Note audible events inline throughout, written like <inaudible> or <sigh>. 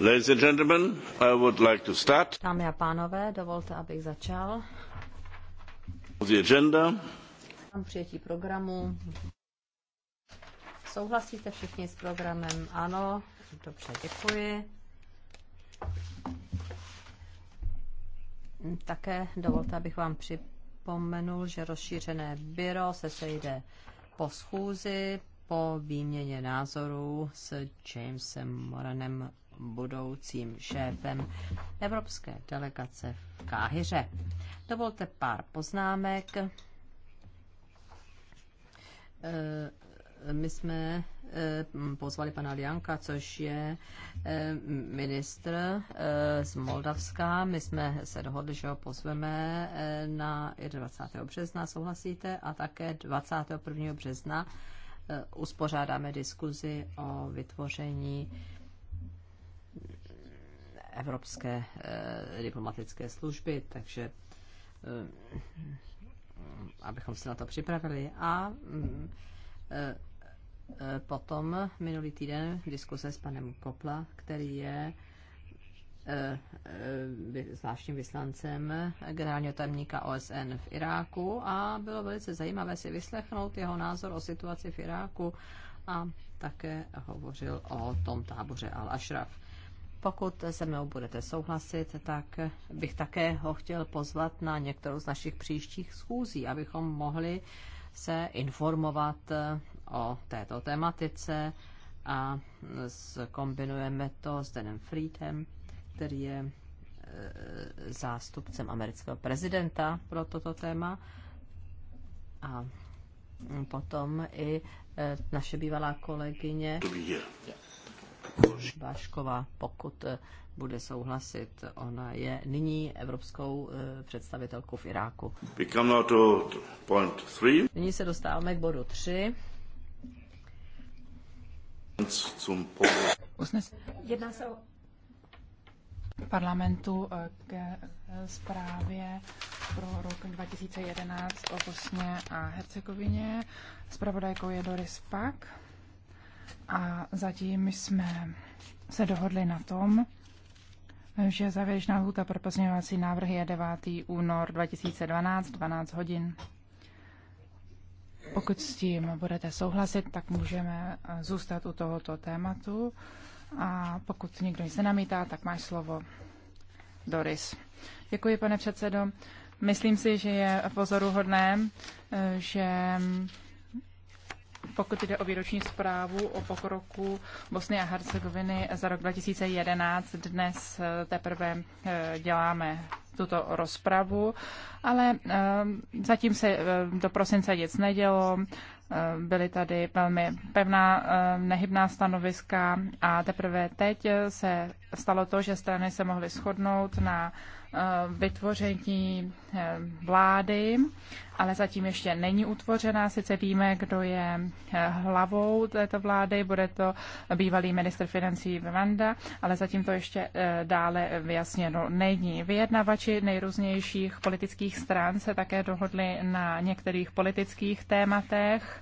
Ladies and gentlemen, I would like to start. Dámy a pánové, dovolte, abych začal. The agenda. přijetí programu. Souhlasíte všichni s programem? Ano. Dobře, děkuji. Také dovolte, abych vám připomenul, že rozšířené byro se sejde po schůzi po výměně názorů s Jamesem Moranem budoucím šéfem Evropské delegace v Káhyře. Dovolte pár poznámek. Eh, my jsme eh, pozvali pana Lianka, což je eh, ministr z Moldavska. My jsme se dohodli, že ho pozveme na 21. března, souhlasíte, a také 21. března uspořádáme diskuzi o vytvoření Evropské eh, diplomatické služby, takže eh, abychom se na to připravili. A mm, eh, potom minulý týden diskuse s panem Kopla, který je zvláštním vyslancem generálního tajemníka OSN v Iráku a bylo velice zajímavé si vyslechnout jeho názor o situaci v Iráku a také hovořil o tom táboře Al-Ashraf. Pokud se mnou budete souhlasit, tak bych také ho chtěl pozvat na některou z našich příštích schůzí, abychom mohli se informovat eh, o této tematice a zkombinujeme to s Danem Friedem, který je eh, zástupcem amerického prezidenta pro toto téma. A mm, potom i eh, naše bývalá kolegyně. Dobrý den. Bášková, pokud eh, bude souhlasit, ona je nyní evropskou eh, představitelkou v Iráku. Nyní se dostáváme k bodu 3. Jedná se o parlamentu eh, k zprávě pro rok 2011 o Bosně a Hercegovině. Spravodajkou je Doris Pak. A zatím jsme se dohodli na tom, že závěrečná lhůta pro pozměňovací návrhy je 9. únor 2012, 12 hodin. Pokud s tím budete souhlasit, tak můžeme eh, zůstat u tohoto tématu. A pokud někdo nic nenamítá, tak máš slovo Doris. Děkuji, pane předsedo. Myslím si, že je pozoruhodné, eh, že pokud jde o výroční zprávu o pokroku Bosny a Hercegoviny za rok 2011, dnes eh, teprve eh, děláme tuto rozpravu, ale eh, zatím se do prosince nic nedělo, byly tady velmi pevná, nehybná stanoviska a teprve teď se stalo to, že strany se mohly shodnout na Eh, vytvoření eh, vlády, ale zatím ještě není utvořena. Sice víme, kdo je eh, hlavou této vlády, bude to bývalý minister financí Vanda, ale zatím to ještě dále vyjasněno není. Vyjednavači nejrůznějších politických stran se také dohodli na některých politických tématech.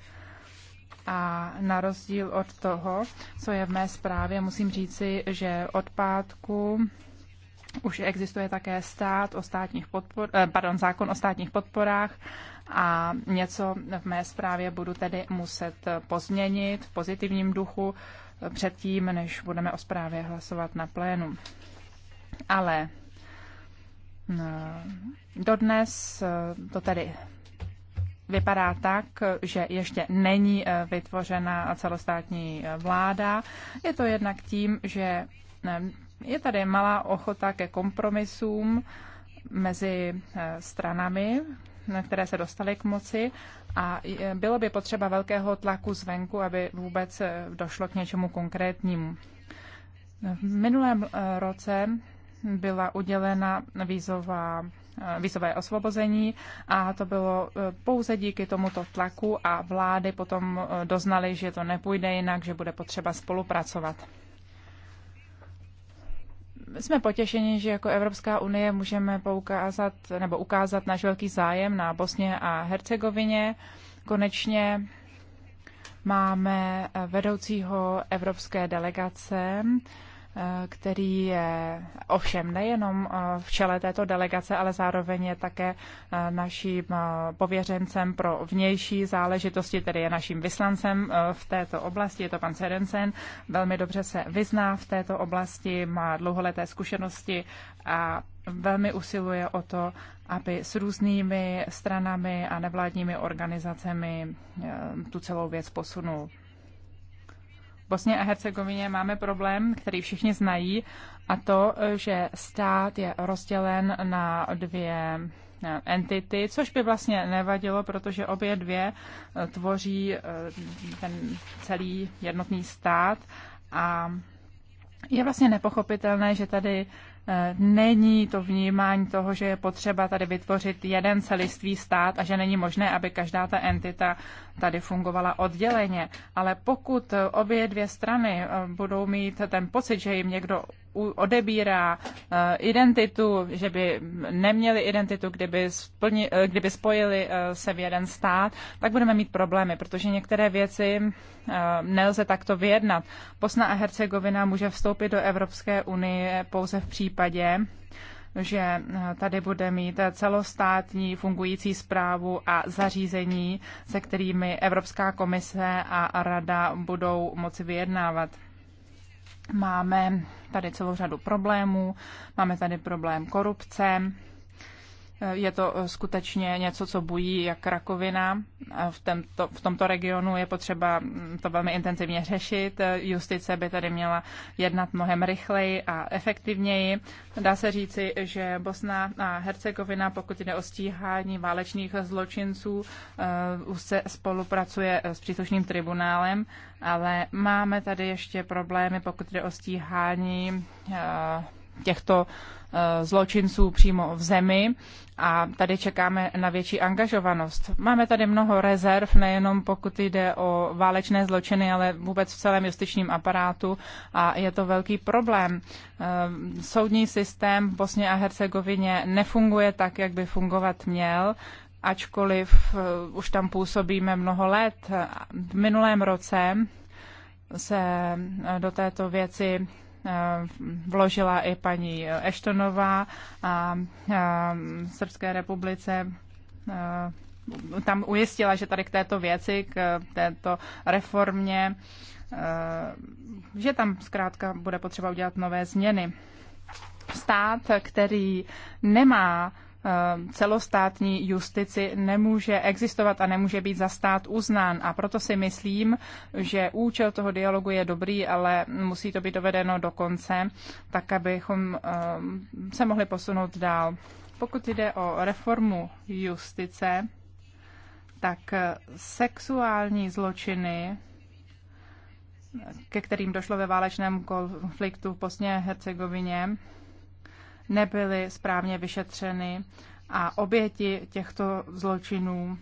A na rozdíl od toho, co je v mé zprávě, musím říci, že od pátku už existuje také stát o státních podpor, eh, pardon, zákon o státních podporách a něco v mé zprávě budu tedy muset pozměnit v pozitivním duchu předtím, než budeme o zprávě hlasovat na plénu. Ale eh, dodnes eh, to tedy vypadá tak, že ještě není vytvořena celostátní vláda. Je to jednak tím, že je tady malá ochota ke kompromisům mezi eh, stranami, které se dostaly k moci a eh, bylo by potřeba velkého tlaku zvenku, aby vůbec eh, došlo k něčemu konkrétnímu. V minulém roce byla udělena vízová, vízové osvobození a to bylo pouze díky tomuto tlaku a vlády potom doznaly, že to nepůjde jinak, že bude potřeba spolupracovat jsme potěšeni, že jako Evropská unie můžeme poukázat nebo ukázat náš velký zájem na Bosně a Hercegovině. Konečně máme vedoucího evropské delegace který je ovšem nejenom eh, v čele této delegace, ale zároveň je také eh, naším eh, pověřencem pro vnější záležitosti, tedy je naším vyslancem v této oblasti. Je to pan Serencen, velmi dobře se vyzná v této oblasti, má dlouholeté zkušenosti a velmi usiluje o to, aby s různými stranami a nevládními organizacemi tu celou věc posunul Bosně a Hercegovině máme problém, který všichni znají, a to, že stát je rozdělen na dvě eh, entity, což by vlastně nevadilo, protože obě dvě eh, tvoří eh, ten celý jednotný stát a je vlastně nepochopitelné, že tady není to vnímání toho, že je potřeba tady vytvořit jeden celistvý stát a že není možné, aby každá ta entita tady fungovala odděleně, ale pokud obě dvě strany eh, budou mít ten pocit, že jim někdo odebírá eh, identitu, že by neměli identitu, kdyby, splni, eh, kdyby spojili se v jeden stát, tak budeme mít problémy, protože některé věci nelze takto vyjednat. Bosna a Hercegovina může vstoupit do Evropské unie pouze v případě, že eh, tady bude mít celostátní fungující zprávu a zařízení, se kterými Evropská komise a Rada budou moci vyjednávat. Máme tady celou řadu problémů, máme tady problém korupce, je to eh, skutečně něco, co bují jak rakovina. V, tomto, v tomto regionu je potřeba mm, to velmi intenzivně řešit. Justice by tady měla jednat mnohem rychleji a efektivněji. Dá se říci, že Bosna a Hercegovina, pokud jde o stíhání válečných zločinců, eh, už se spolupracuje eh, s příslušným tribunálem, ale máme tady ještě problémy, pokud jde o stíhání těchto eh, zločinců přímo v zemi a tady čekáme na větší angažovanost. Máme tady mnoho rezerv, nejenom pokud jde o válečné zločiny, ale vůbec v celém justičním aparátu a je to velký problém. Eh, soudní systém v Bosně a Hercegovině nefunguje tak, jak by fungovat měl ačkoliv eh, už tam působíme mnoho let. V minulém roce se do této věci Eh, vložila i paní Eštonová a eh, Srbské republice eh, tam ujistila, že tady k této věci, k této reformě, že tam zkrátka bude potřeba udělat nové změny. Stát, který nemá Ehm, celostátní justici nemůže existovat a nemůže být za stát uznán. A proto si myslím, že účel toho dialogu je dobrý, ale musí to být dovedeno do konce, tak abychom ehm, se mohli posunout dál. Pokud jde o reformu justice, tak eh, sexuální zločiny ke kterým došlo ve válečném konfliktu v Bosně a Hercegovině, nebyly správně vyšetřeny a oběti těchto zločinů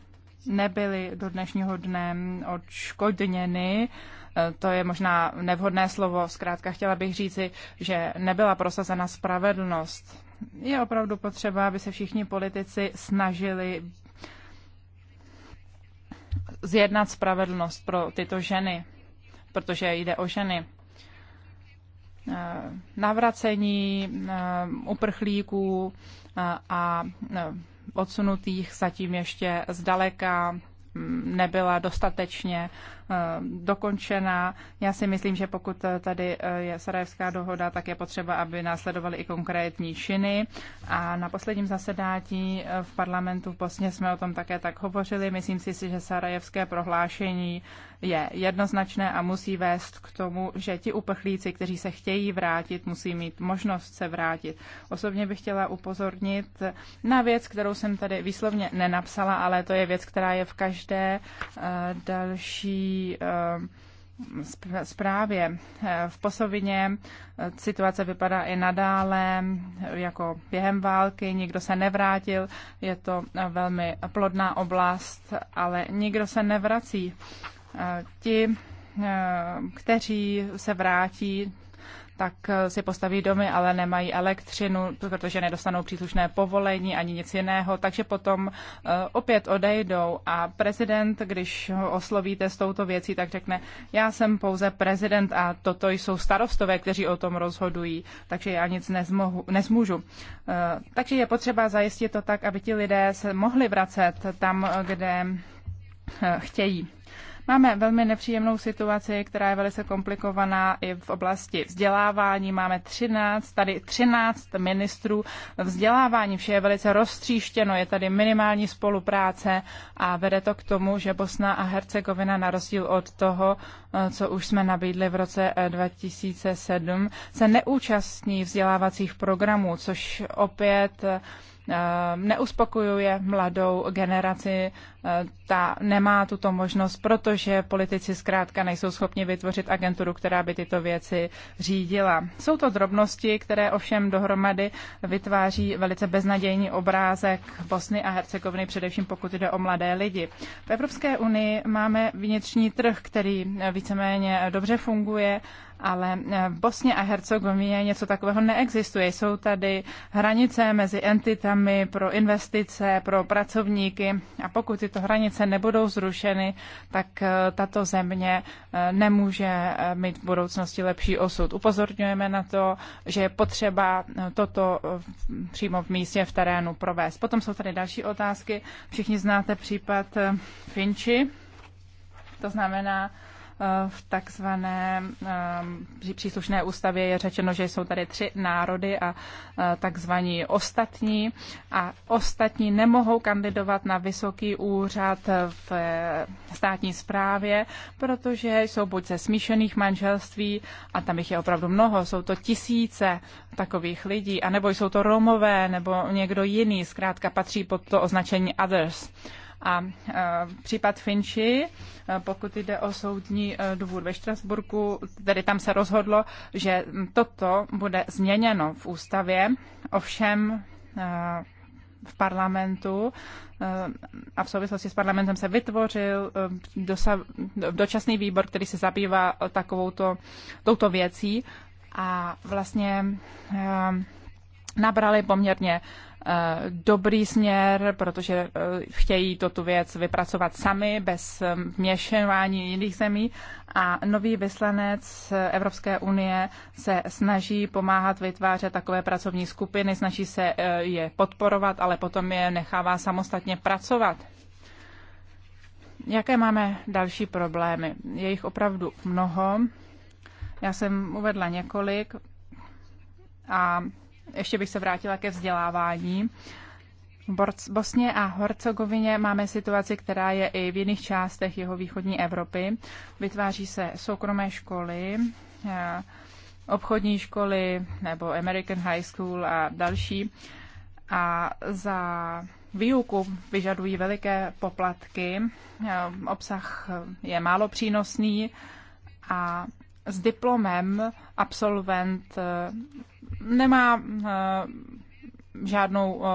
nebyly do dnešního dne odškodněny. E, to je možná nevhodné slovo. Zkrátka chtěla bych říci, že nebyla prosazena spravedlnost. Je opravdu potřeba, aby se všichni politici snažili zjednat spravedlnost pro tyto ženy, protože jde o ženy. Eh, navracení eh, uprchlíků eh, a odsunutých zatím ještě zdaleka mm, nebyla dostatečně Eh, dokončena. Já si myslím, že pokud eh, tady eh, je Sarajevská dohoda, tak je potřeba, aby následovaly i konkrétní činy. A na posledním zasedání v parlamentu v Bosně jsme o tom také tak hovořili. Myslím si, že Sarajevské prohlášení je jednoznačné a musí vést k tomu, že ti uprchlíci, kteří se chtějí vrátit, musí mít možnost se vrátit. Osobně bych chtěla upozornit na věc, kterou jsem tady výslovně nenapsala, ale to je věc, která je v každé další zprávě. Eh, eh, v Posovině eh, situace vypadá i nadále jako během války, nikdo se nevrátil, je to velmi plodná oblast, ale nikdo se nevrací. Ti, kteří se vrátí, tak eh, si postaví domy, ale nemají elektřinu, protože nedostanou příslušné povolení ani nic jiného, takže potom eh, opět odejdou a prezident, když ho oslovíte s touto věcí, tak řekne, já jsem pouze prezident a toto jsou starostové, kteří o tom rozhodují, takže já nic nezmohu, nezmůžu. Eh, takže je potřeba zajistit to tak, aby ti lidé se mohli vracet tam, kde chtějí. Máme velmi nepříjemnou situaci, která je velice komplikovaná i v oblasti vzdělávání. Máme 13, tady 13 ministrů vzdělávání. Vše je velice roztříštěno, je tady minimální spolupráce a vede to k tomu, že Bosna a Hercegovina na rozdíl od toho, eh, co už jsme nabídli v roce 2007, eh, se neúčastní vzdělávacích programů, což opět eh, Ehm, neuspokojuje mladou generaci, ehm, ta nemá tuto možnost, protože politici zkrátka nejsou schopni vytvořit agenturu, která by tyto věci řídila. Jsou to drobnosti, které ovšem dohromady vytváří velice beznadějný obrázek Bosny a Hercegoviny, především pokud jde o mladé lidi. V Evropské unii máme vnitřní trh, který víceméně dobře funguje ale eh, v Bosně a Hercegovině něco takového neexistuje. Jsou tady hranice mezi entitami pro investice, pro pracovníky a pokud tyto hranice nebudou zrušeny, tak eh, tato země eh, nemůže mít v budoucnosti lepší osud. Upozorňujeme na to, že je potřeba toto přímo v místě, v terénu provést. Potom jsou tady další otázky. Všichni znáte případ Finči, to znamená Eh, v takzvané eh, příslušné ústavě je řečeno, že jsou tady tři národy a eh, takzvaní ostatní. A ostatní nemohou kandidovat na vysoký úřad v státní správě, protože jsou buď ze smíšených manželství, a tam jich je opravdu mnoho, jsou to tisíce takových lidí, anebo jsou to Romové, nebo někdo jiný, zkrátka patří pod to označení others. A e, případ Finči, e, pokud jde o soudní e, dvůr ve Štrasburku, tedy tam se rozhodlo, že toto bude změněno v ústavě, ovšem v parlamentu a v souvislosti s parlamentem se vytvořil dosa, dočasný výbor, který se zabývá takovouto, touto věcí a vlastně nabrali poměrně dobrý směr, protože eh, chtějí to tu věc vypracovat sami bez eh, měšování jiných zemí a nový vyslanec Evropské unie se snaží pomáhat vytvářet takové pracovní skupiny, snaží se eh, je podporovat, ale potom je nechává samostatně pracovat. Jaké máme další problémy? Je jich opravdu mnoho. Já jsem uvedla několik a ještě bych se vrátila ke vzdělávání. V Bosně a Hercegovině máme situaci, která je i v jiných částech jeho východní Evropy. Vytváří se soukromé školy, eh, obchodní školy nebo American High School a další. A za výuku vyžadují veliké poplatky, eh, obsah je málo přínosný a s diplomem absolvent eh, nemá eh, žádnou eh,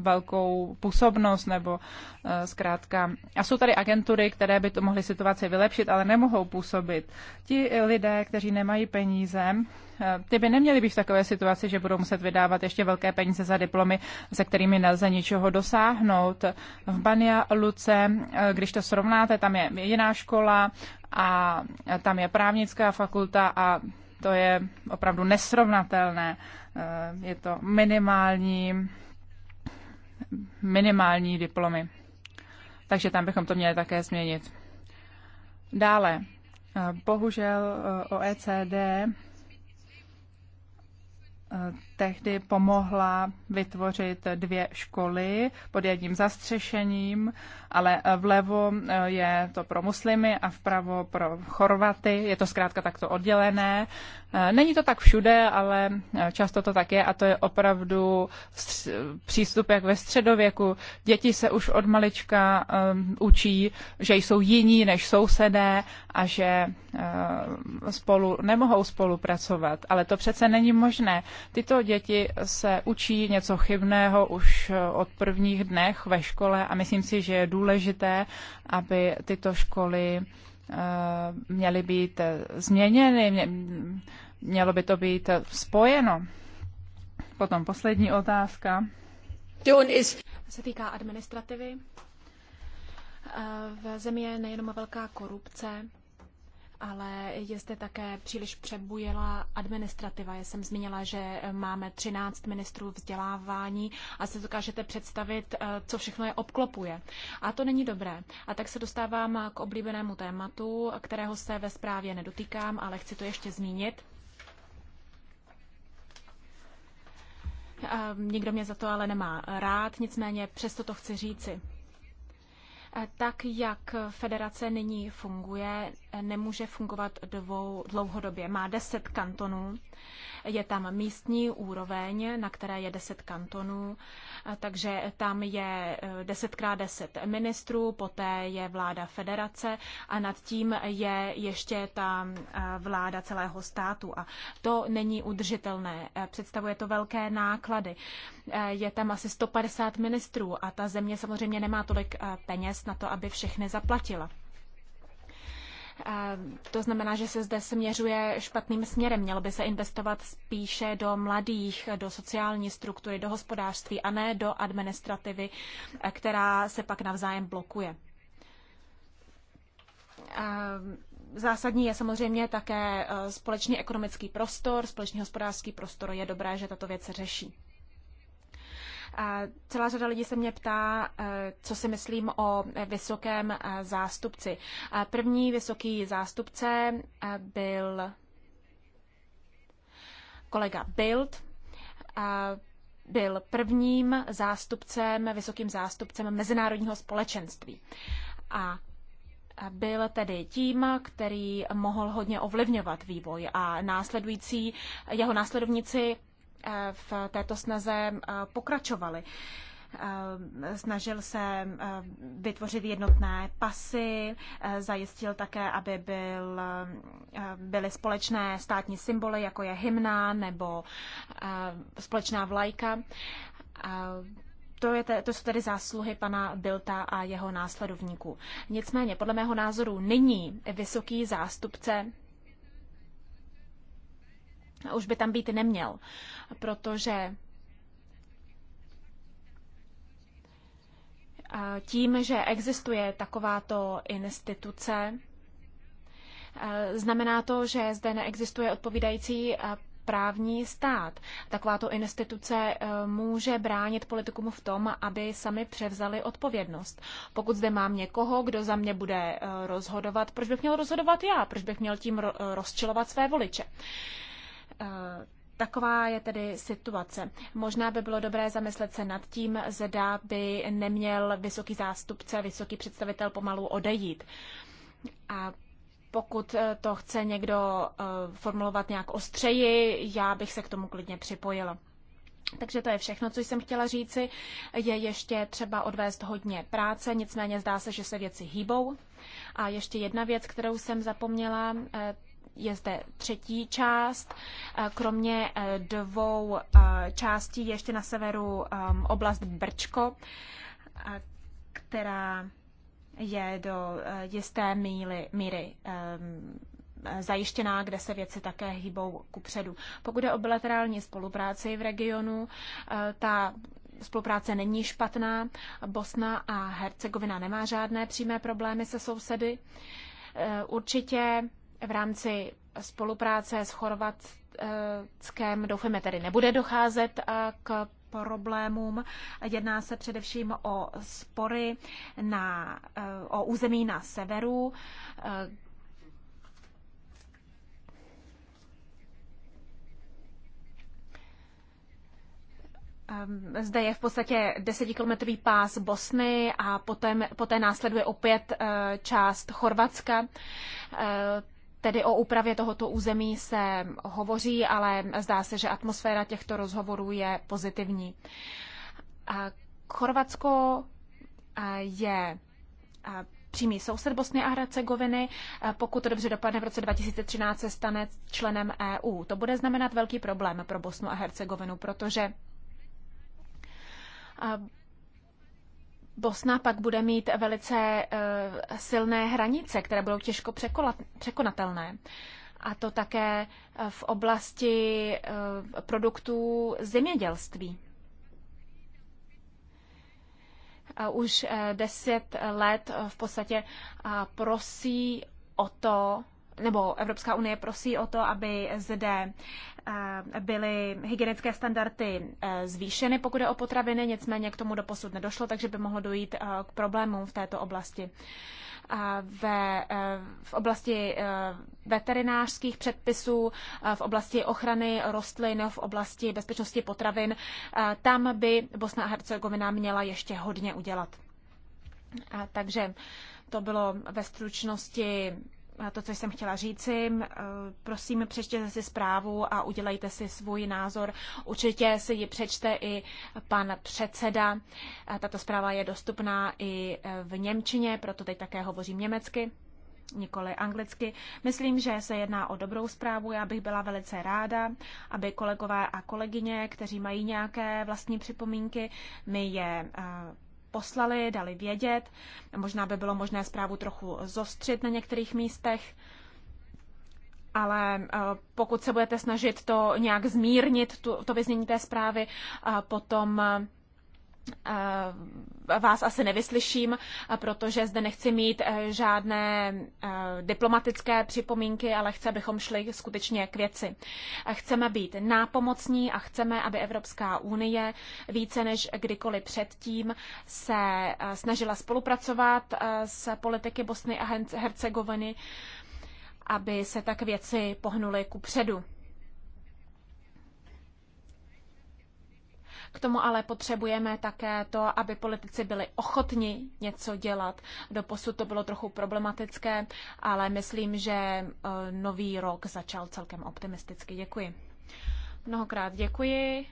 velkou působnost nebo eh, zkrátka. A jsou tady agentury, které by to mohly situaci vylepšit, ale nemohou působit. Ti lidé, kteří nemají peníze, ty by neměli být v takové situaci, že budou muset vydávat ještě velké peníze za diplomy, se kterými nelze ničeho dosáhnout. V Banja Luce, když to srovnáte, tam je jiná škola a tam je právnická fakulta a to je opravdu nesrovnatelné. Eh, je to minimální, minimální diplomy. Takže tam bychom to měli také změnit. Dále, eh, bohužel eh, OECD tehdy pomohla vytvořit dvě školy pod jedním zastřešením, ale vlevo eh, je to pro muslimy a vpravo pro chorvaty. Je to zkrátka takto oddělené. Eh, není to tak všude, ale eh, často to tak je a to je opravdu přístup jak ve středověku. Děti se už od malička učí, že jsou jiní než sousedé a že spolu nemohou spolupracovat, ale to přece není možné. Tyto děti se učí něco chybného už eh, od prvních dnech ve škole a myslím si, že je důležité, aby tyto školy eh, měly být eh, změněny, mělo by to být spojeno. Potom poslední otázka. Se týká administrativy. V zemi je nejenom velká korupce, ale je zde také příliš přebujela administrativa. Já jsem zmínila, že máme 13 ministrů vzdělávání a se dokážete představit, eh, co všechno je obklopuje. A to není dobré. A tak se dostávám k oblíbenému tématu, kterého se ve zprávě nedotýkám, ale chci to ještě zmínit. Eh, nikdo mě za to ale nemá rád, nicméně přesto to chci říci tak jak federace nyní funguje, nemůže fungovat dvou, dlouhodobě. Má deset kantonů je tam místní úroveň, na které je 10 kantonů, takže tam je 10 x 10 ministrů, poté je vláda federace a nad tím je ještě ta e, vláda celého státu. A to není udržitelné. E, představuje to velké náklady. E, je tam asi 150 ministrů a ta země samozřejmě nemá tolik peněz na to, aby všechny zaplatila. To znamená, že se zde směřuje špatným směrem. Mělo by se investovat spíše do mladých, do sociální struktury, do hospodářství a ne do administrativy, která se pak navzájem blokuje. Zásadní je samozřejmě také e, společný ekonomický prostor, společný hospodářský prostor. Je dobré, že tato věc se řeší. Celá řada lidí se mě ptá, eh, co si myslím o eh, vysokém eh, zástupci. První vysoký zástupce byl kolega Bild. Byl prvním zástupcem, vysokým zástupcem mezinárodního společenství. A byl tedy tím, který mohl hodně ovlivňovat vývoj a následující, jeho následovníci Eh, v této snaze eh, pokračovali. Eh, snažil se vytvořit jednotné pasy, zajistil také, aby byl, byly společné státní symboly, jako je hymna nebo společná vlajka. To, je, to jsou tedy zásluhy pana Bilta a jeho následovníků. Nicméně, podle mého názoru, nyní vysoký zástupce už by tam být neměl, protože tím, že existuje takováto instituce, znamená to, že zde neexistuje odpovídající právní stát. Takováto instituce e, může bránit politikům v tom, aby sami převzali odpovědnost. Pokud zde mám někoho, kdo za mě bude e, rozhodovat, proč bych měl rozhodovat já? Proč bych měl tím e, rozčilovat své voliče? Eh, taková je tedy situace. Možná by bylo dobré zamyslet se nad tím, zda by neměl vysoký zástupce, vysoký představitel pomalu odejít. A pokud eh, to chce někdo eh, formulovat nějak ostřeji, já bych se k tomu klidně připojila. Takže to je všechno, co jsem chtěla říci. Je ještě třeba odvést hodně práce, nicméně zdá se, že se věci hýbou. A ještě jedna věc, kterou jsem zapomněla, je zde třetí část. Eh, kromě eh, dvou eh, částí je ještě na severu ehm, oblast Brčko, která je do jisté míry, míry ehm, zajištěná, kde se věci také hýbou kupředu. Pokud je o bilaterální spolupráci v regionu, ta spolupráce není špatná. Bosna a Hercegovina nemá žádné přímé problémy se sousedy. Určitě v rámci spolupráce s Chorvatskem doufáme tedy nebude docházet eh, k problémům. Jedná se především o spory na, eh, o území na severu, eh, Zde je v podstatě desetikilometrový pás Bosny a poté, poté následuje opět část Chorvatska. Tedy o úpravě tohoto území se hovoří, ale zdá se, že atmosféra těchto rozhovorů je pozitivní. Chorvatsko je přímý soused Bosny a Hercegoviny. Pokud to dobře dopadne, v roce 2013 se stane členem EU. To bude znamenat velký problém pro Bosnu a Hercegovinu, protože Bosna pak bude mít velice eh, silné hranice, které budou těžko překonatelné. A to také eh, v oblasti eh, produktů zemědělství. Už deset let v podstatě prosí o to, nebo Evropská unie prosí o to, aby zde eh, byly hygienické standardy eh, zvýšeny, pokud je o potraviny, nicméně k tomu doposud nedošlo, takže by mohlo dojít eh, k problémům v této oblasti. Ve, v oblasti veterinářských předpisů, v oblasti ochrany rostlin, v oblasti bezpečnosti potravin, tam by Bosna a Hercegovina měla ještě hodně udělat. Takže to bylo ve stručnosti to, co jsem chtěla říci. Eh, prosím, přečtěte si zprávu a udělejte si svůj názor. Určitě si ji přečte i pan předseda. Tato zpráva je dostupná i eh, v Němčině, proto teď také hovořím německy nikoli anglicky. Myslím, že se jedná o dobrou zprávu. Já bych byla velice ráda, aby kolegové a kolegyně, kteří mají nějaké vlastní připomínky, mi je eh, poslali, dali vědět. Možná by bylo možné zprávu trochu zostřit na některých místech, ale eh, pokud se budete snažit to nějak zmírnit, to vyznění té zprávy, eh, potom eh, vás asi nevyslyším, protože zde nechci mít eh, žádné eh, diplomatické připomínky, ale chci, abychom šli skutečně k věci. Chceme být nápomocní a chceme, aby Evropská unie více než kdykoliv předtím se eh, snažila spolupracovat s politiky Bosny a Hercegoviny, aby se tak věci pohnuly ku předu. K tomu ale potřebujeme také to, aby politici byli ochotni něco dělat. Do posud to bylo trochu problematické, ale myslím, že e, nový rok začal celkem optimisticky. Děkuji. Mnohokrát děkuji.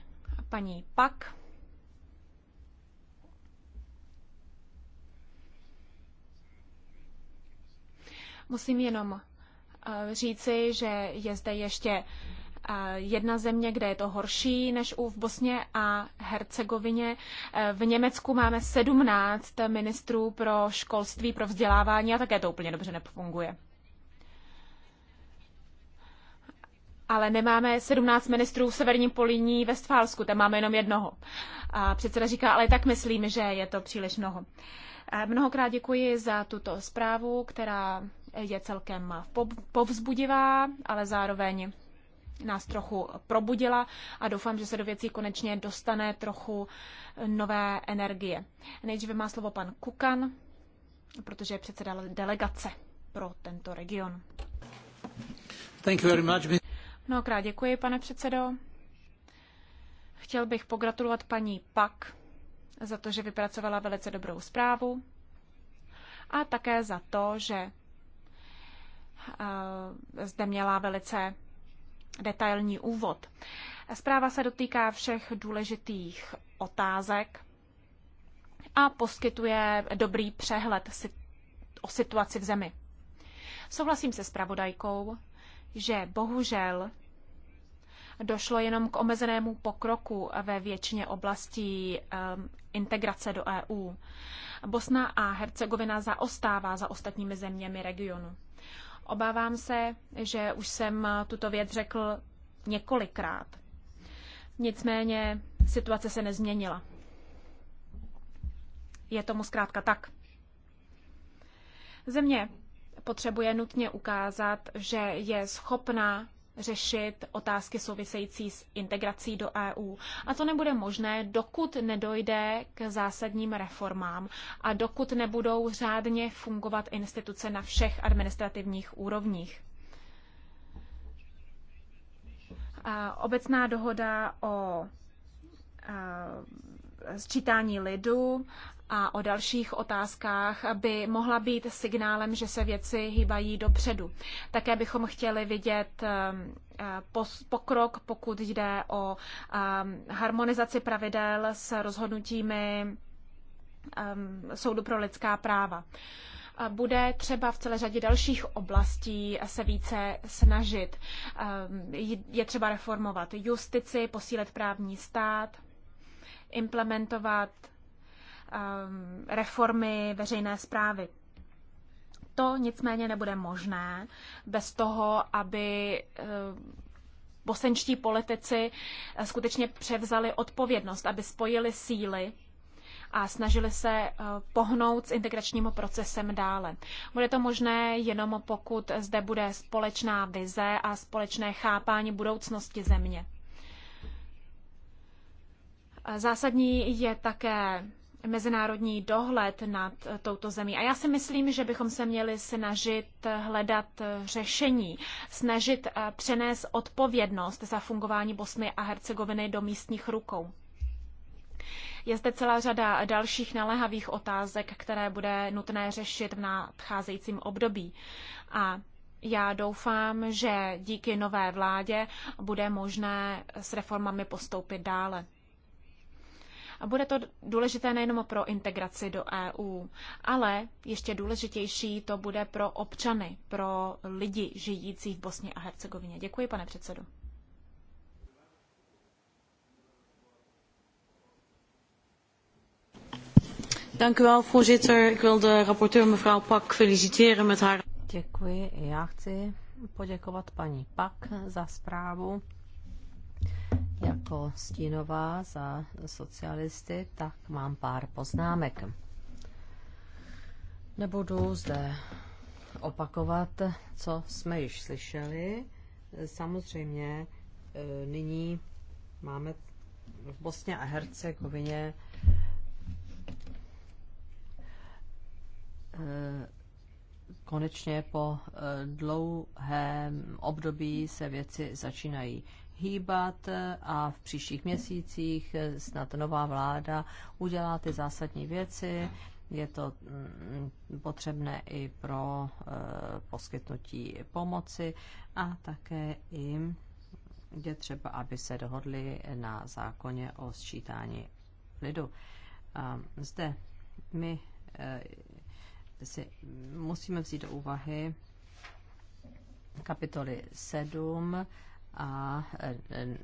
Paní Pak. Musím jenom e, říci, že je zde ještě jedna země, kde je to horší než u v Bosně a Hercegovině. E, v Německu máme 17 ministrů pro školství, pro vzdělávání a také to úplně dobře nefunguje. Ale nemáme 17 ministrů v severním Políní Vestfálsku, tam máme jenom jednoho. A předseda říká, ale tak myslím, že je to příliš mnoho. Mnohokrát děkuji za tuto zprávu, která je celkem povzbudivá, ale zároveň nás trochu probudila a doufám, že se do věcí konečně dostane trochu eh, nové energie. Nejdříve má slovo pan Kukan, protože je předseda delegace pro tento region. Thank you very much. Mnohokrát děkuji, pane předsedo. Chtěl bych pogratulovat paní Pak za to, že vypracovala velice dobrou zprávu a také za to, že eh, zde měla velice detailní úvod. Zpráva se dotýká všech důležitých otázek a poskytuje dobrý přehled o situaci v zemi. Souhlasím se spravodajkou, že bohužel došlo jenom k omezenému pokroku ve většině oblastí um, integrace do EU. Bosna a Hercegovina zaostává za ostatními zeměmi regionu. Obávám se, že už jsem tuto věc řekl několikrát. Nicméně situace se nezměnila. Je tomu zkrátka tak. Země potřebuje nutně ukázat, že je schopná řešit otázky související s integrací do EU. A to nebude možné, dokud nedojde k zásadním reformám a dokud nebudou řádně fungovat instituce na všech administrativních úrovních. A obecná dohoda o sčítání lidu, a o dalších otázkách by mohla být signálem, že se věci hýbají dopředu. Také bychom chtěli vidět eh, pokrok, pokud jde o eh, harmonizaci pravidel s rozhodnutími eh, Soudu pro lidská práva bude třeba v celé řadě dalších oblastí se více snažit. Je třeba reformovat justici, posílit právní stát, implementovat Ehm, reformy veřejné zprávy. To nicméně nebude možné bez toho, aby ehm, bosenští politici eh, skutečně převzali odpovědnost, aby spojili síly a snažili se eh, pohnout s integračním procesem dále. Bude to možné jenom pokud zde bude společná vize a společné chápání budoucnosti země. Zásadní je také mezinárodní dohled nad touto zemí. A já si myslím, že bychom se měli snažit hledat řešení, snažit eh, přenést odpovědnost za fungování Bosny a Hercegoviny do místních rukou. Je zde celá řada dalších naléhavých otázek, které bude nutné řešit v nadcházejícím období. A já doufám, že díky nové vládě bude možné s reformami postoupit dále. A bude to důležité nejenom pro integraci do EU, ale ještě důležitější to bude pro občany, pro lidi žijící v Bosně a Hercegovině. Děkuji, pane předsedo. Dank u wel, voorzitter. Ik wil de rapporteur mevrouw Pak feliciteren met haar. Děkuji. Já chci poděkovat paní Pak za zprávu jako stínová za socialisty, tak mám pár poznámek. Nebudu zde opakovat, co jsme již slyšeli. Samozřejmě e, nyní máme v Bosně a Hercegovině e, konečně po e, dlouhém období se věci začínají hýbat eh, a v příštích měsících eh, snad nová vláda udělá ty zásadní věci. Je to mm, potřebné i pro eh, poskytnutí pomoci a také i je třeba, aby se dohodli na zákoně o sčítání lidu. A zde my si musíme vzít do úvahy kapitoly 7 a e, e,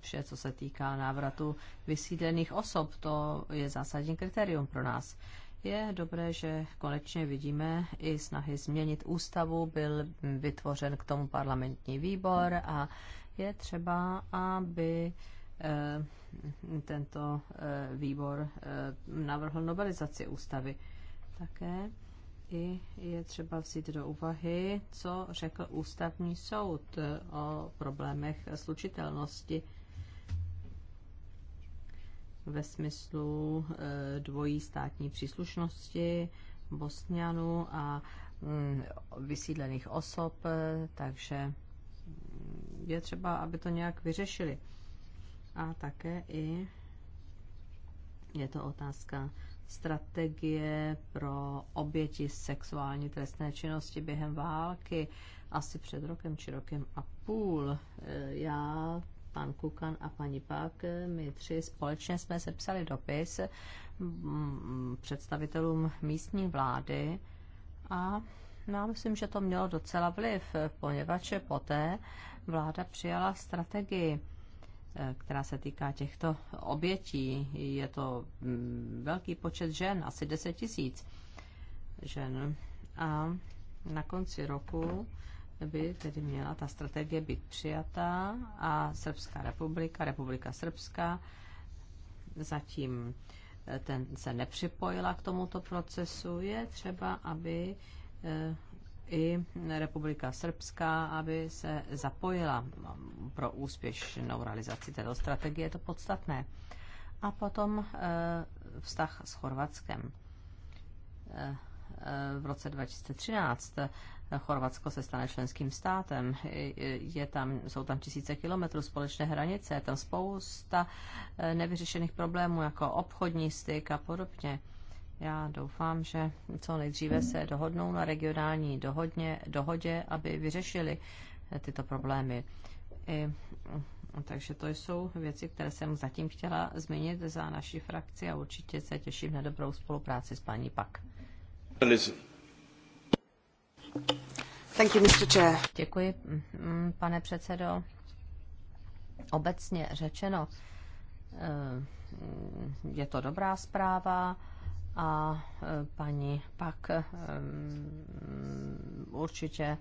vše, co se týká návratu vysídlených osob, to je zásadní kritérium pro nás. Je dobré, že konečně vidíme i snahy změnit ústavu, byl vytvořen k tomu parlamentní výbor a je třeba, aby e, tento výbor navrhl novelizaci ústavy. Také i je třeba vzít do úvahy, co řekl ústavní soud o problémech slučitelnosti ve smyslu e, dvojí státní příslušnosti Bosnianů a mm, vysídlených osob, e, takže mm, je třeba, aby to nějak vyřešili. A také i je to otázka strategie pro oběti sexuální trestné činnosti během války asi před rokem či rokem a půl. Eh, já, pan Kukan a paní Pak, eh, my tři společně jsme sepsali dopis mm, představitelům místní vlády a já myslím, že to mělo docela vliv, poněvadž poté vláda přijala strategii která se týká těchto obětí. Je to mm, velký počet žen, asi 10 tisíc žen. A na konci roku by tedy měla ta strategie být přijatá a Srbská republika, Republika Srbská zatím eh, ten se nepřipojila k tomuto procesu. Je třeba, aby eh, i Republika Srbská, aby se zapojila pro úspěšnou realizaci této strategie, je to podstatné. A potom eh, vztah s Chorvatskem. Eh, eh, v roce 2013 Chorvatsko se stane členským státem. Je tam, jsou tam tisíce kilometrů společné hranice, je tam spousta nevyřešených problémů, jako obchodní styk a podobně. Já doufám, že co nejdříve se dohodnou na regionální dohodně, dohodě, aby vyřešili eh, tyto problémy. I, mm, takže to jsou věci, které jsem zatím chtěla zmínit za naši frakci a určitě se těším na dobrou spolupráci s paní Pak. Thank you, Mr. Chair. Děkuji, mm, mm, pane předsedo. Obecně řečeno, eh, je to dobrá zpráva a e, paní pak e, mm, určitě e,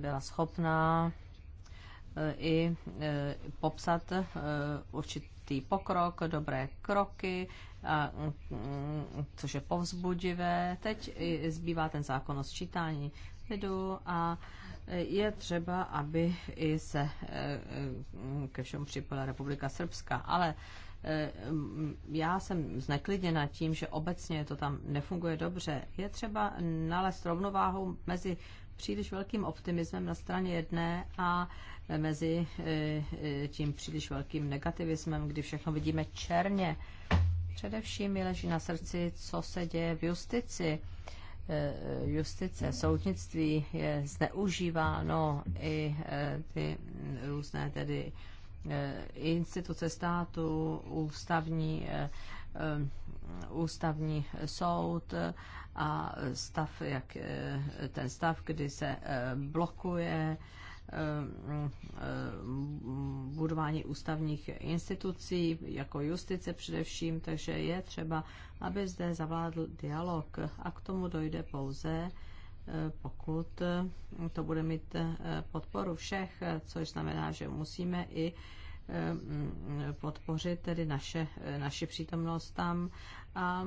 byla schopná i popsat určitý pokrok, dobré kroky, a, mm, což je povzbudivé. Teď zbývá ten zákon o sčítání lidu a je třeba, aby i se ke všemu připojila Republika Srbska. Ale Eh, já jsem zneklidněna tím, že obecně to tam nefunguje dobře. Je třeba nalézt rovnováhu mezi příliš velkým optimismem na straně jedné a mezi eh, tím příliš velkým negativismem, kdy všechno vidíme černě. Především mi leží na srdci, co se děje v justici. Eh, justice, soudnictví je zneužíváno i ty různé tedy Eh, instituce státu, ústavní, eh, eh, ústavní soud a stav, jak ten stav, kdy se blokuje budování ústavních institucí, jako justice především, takže je třeba, aby zde zavládl dialog a k tomu dojde pouze Eh, pokud eh, to bude mít eh, podporu všech, což znamená, že musíme i mm, podpořit tedy naše, naši přítomnost tam, a,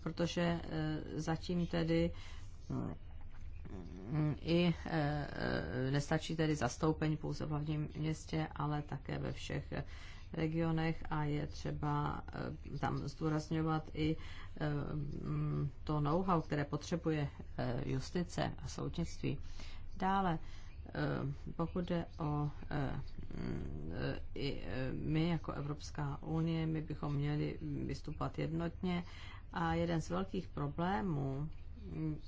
protože zatím tedy mm, i nestačí tedy zastoupení pouze v hlavním městě, ale také ve všech regionech a je třeba eh, tam zdůrazňovat i eh, mm, to know-how, které potřebuje eh, justice a soudnictví. Dále, pokud jde o mm, my jako Evropská unie, my bychom měli vystupovat jednotně a jeden z velkých problémů mm,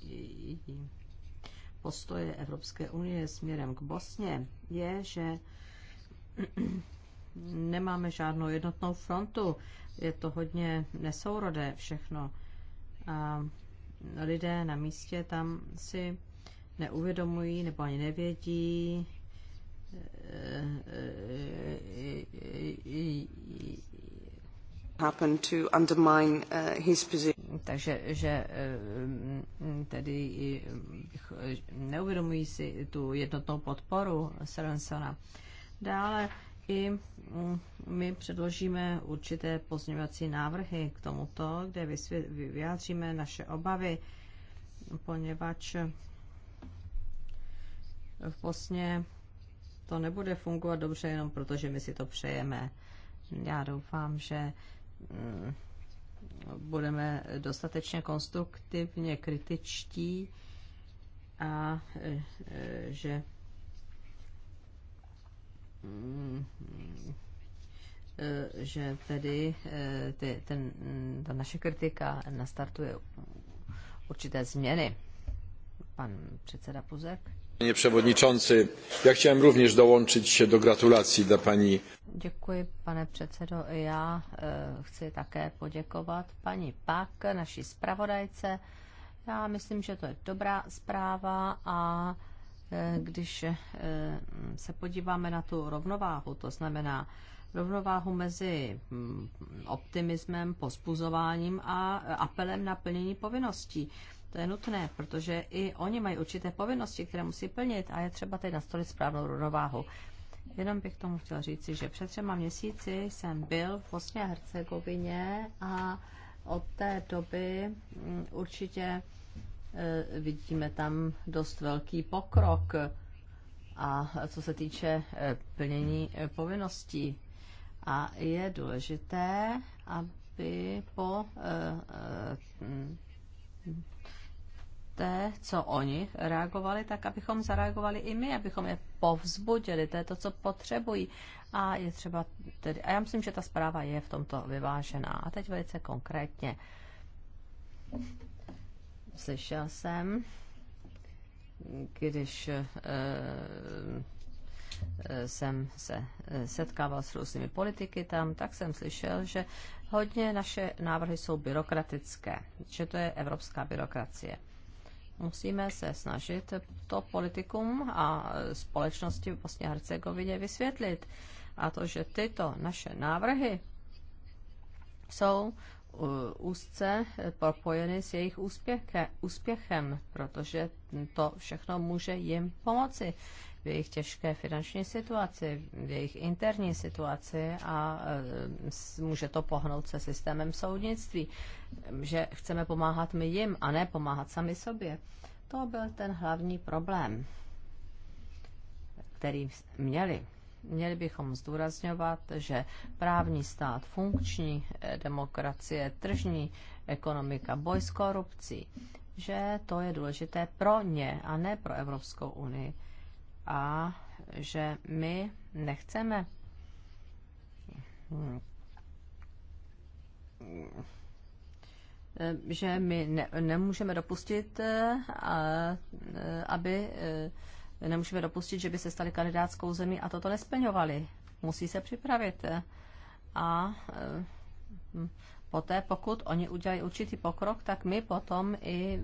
postoje Evropské unie směrem k Bosně je, že nemáme žádnou jednotnou frontu. Je to hodně nesourodé všechno. A lidé na místě tam si neuvědomují nebo ani nevědí, happen to undermine uh, his position. Takže že um, tedy neuvědomují si tu jednotnou podporu Sorensona. Dále i mm, my předložíme určité pozměňovací návrhy k tomuto, kde vyjádříme naše obavy, poněvadž v Bosně to nebude fungovat dobře jenom proto, že my si to přejeme. Já doufám, že mm, budeme dostatečně konstruktivně kritičtí a e, e, že Mm, že tedy eh, ty, ten, ta naše kritika nastartuje určité změny. Pan předseda Puzek. Panie przewodniczący, ja chciałem również dołączyć się do gratulacji dla pani. Děkuji, pane předsedo. Já eh, chci také poděkovat pani Pak, naší sprawodajce. Já myslím, že to je dobrá sprawa. a když eh, se podíváme na tu rovnováhu, to znamená rovnováhu mezi hm, optimismem, pospuzováním a apelem na plnění povinností. To je nutné, protože i oni mají určité povinnosti, které musí plnit a je třeba teď nastolit správnou rovnováhu. Jenom bych tomu chtěl říci, že před třema měsíci jsem byl v Bosně a Hercegovině a od té doby hm, určitě Eh, vidíme tam dost velký pokrok. A co se týče eh, plnění eh, povinností, a je důležité, aby po té, co oni reagovali, tak abychom zareagovali i my, abychom je povzbudili. To je to, co potřebují. A je třeba tedy, a já myslím, že ta zpráva je v tomto vyvážená. A teď velice konkrétně slyšel jsem, když eh, eh, jsem se eh, setkával s různými politiky tam, tak jsem slyšel, že hodně naše návrhy jsou byrokratické, že to je evropská byrokracie. Musíme se snažit to politikum a společnosti v Bosně a Hercegovině vysvětlit. A to, že tyto naše návrhy jsou Uh, úzce propojeny s jejich úspěche, úspěchem, protože to všechno může jim pomoci v jejich těžké finanční situaci, v jejich interní situaci a eh, může to pohnout se systémem soudnictví, že chceme pomáhat my jim a ne pomáhat sami sobě. To byl ten hlavní problém, který měli. Měli bychom zdůrazňovat, že právní stát, funkční eh, demokracie, tržní ekonomika, boj s korupcí, že to je důležité pro ně a ne pro Evropskou unii. A že my nechceme eh, že my ne, nemůžeme dopustit, eh, aby nemůžeme dopustit, že by se stali kandidátskou zemí a toto nesplňovali. Musí se připravit. A e, poté, pokud oni udělají určitý pokrok, tak my potom i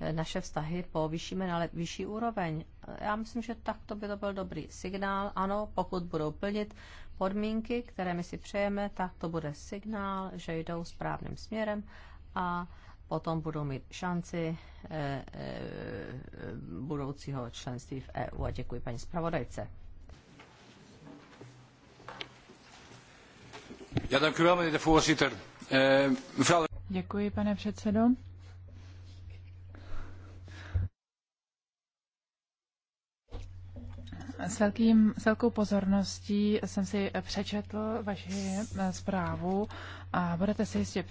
e, naše vztahy povýšíme na vyšší úroveň. Já myslím, že tak to by to byl dobrý signál. Ano, pokud budou plnit podmínky, které my si přejeme, tak to bude signál, že jdou správným směrem a potom budou mít šanci eh, eh, budoucího členství v EU. A děkuji paní zpravodajce. Eh, děkuji, pane předsedo. S, velkým, s velkou pozorností jsem si přečetl vaši eh, zprávu a budete si jistě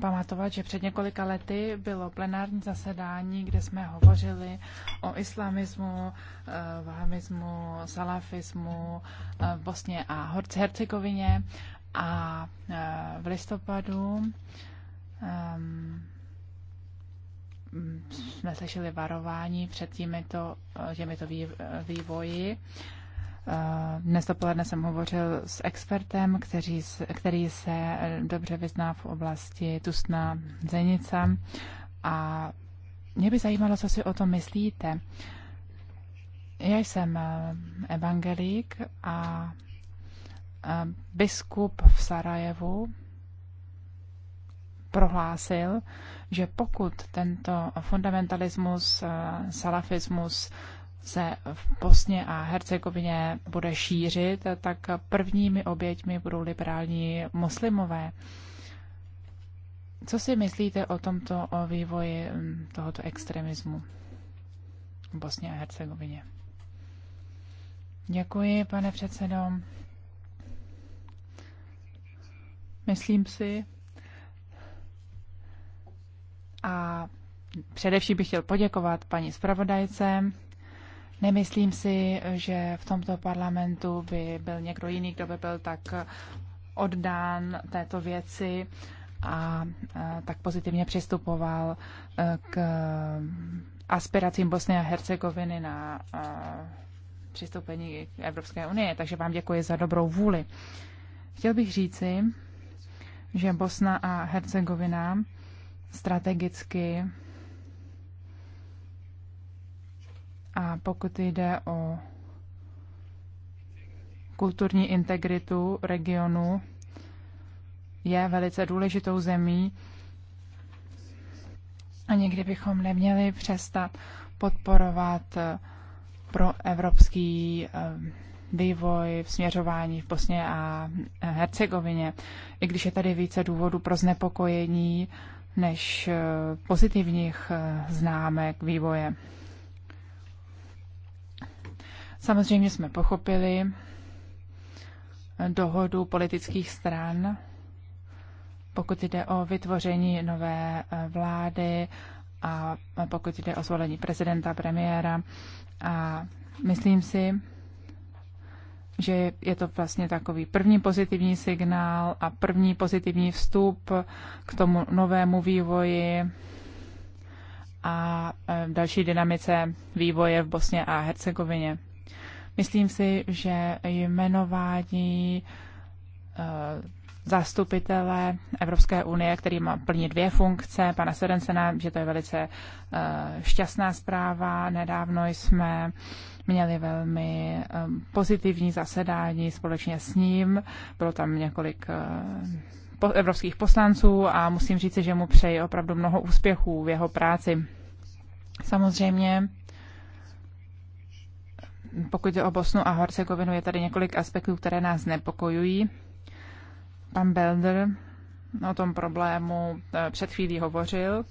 pamatovat, že před několika lety bylo plenární zasedání, kde jsme hovořili o islamismu, eh, vahamismu, salafismu v eh, Bosně a Hercegovině a v listopadu um, Mm, jsme slyšeli varování před těmito, eh, těmito vývoji. Eh, dnes dopoledne jsem hovořil s expertem, který, který se dobře vyzná v oblasti Tusna Zenica a mě by zajímalo, co si o tom myslíte. Já jsem eh, evangelík a biskup v Sarajevu prohlásil, že pokud tento fundamentalismus, eh, salafismus se v Bosně a Hercegovině bude šířit, tak prvními oběťmi budou liberální muslimové. Co si myslíte o tomto o vývoji hm, tohoto extremismu v Bosně a Hercegovině? Děkuji, pane předsedo. Myslím si, a především bych chtěl poděkovat paní zpravodajce. Nemyslím si, že v tomto parlamentu by byl někdo jiný, kdo by byl tak oddán této věci a tak pozitivně přistupoval e, k aspiracím Bosny a Hercegoviny na e, přistoupení k Evropské unie. Takže vám děkuji za dobrou vůli. Chtěl bych říci, že Bosna a Hercegovina strategicky. A pokud jde o kulturní integritu regionu, je velice důležitou zemí a někdy bychom neměli přestat podporovat eh, pro evropský eh, vývoj v směřování v Bosně a Hercegovině. I když je tady více důvodů pro znepokojení, než eh, pozitivních eh, známek vývoje. Samozřejmě jsme pochopili eh, dohodu politických stran, pokud jde o vytvoření nové vlády a pokud jde o zvolení prezidenta, premiéra. A myslím si, že je to vlastně takový první pozitivní signál a první pozitivní vstup k tomu novému vývoji a e, další dynamice vývoje v Bosně a Hercegovině. Myslím si, že jmenování e, zastupitele Evropské unie, který má plně dvě funkce, pana Sedensena, že to je velice eh, šťastná zpráva. Nedávno jsme měli velmi eh, pozitivní zasedání společně s ním. Bylo tam několik eh, evropských poslanců a musím říct, že mu přeji opravdu mnoho úspěchů v jeho práci. Samozřejmě pokud jde o Bosnu a Hercegovinu, je tady několik aspektů, které nás nepokojují. Pan Belder o tom problému eh, před chvílí hovořil.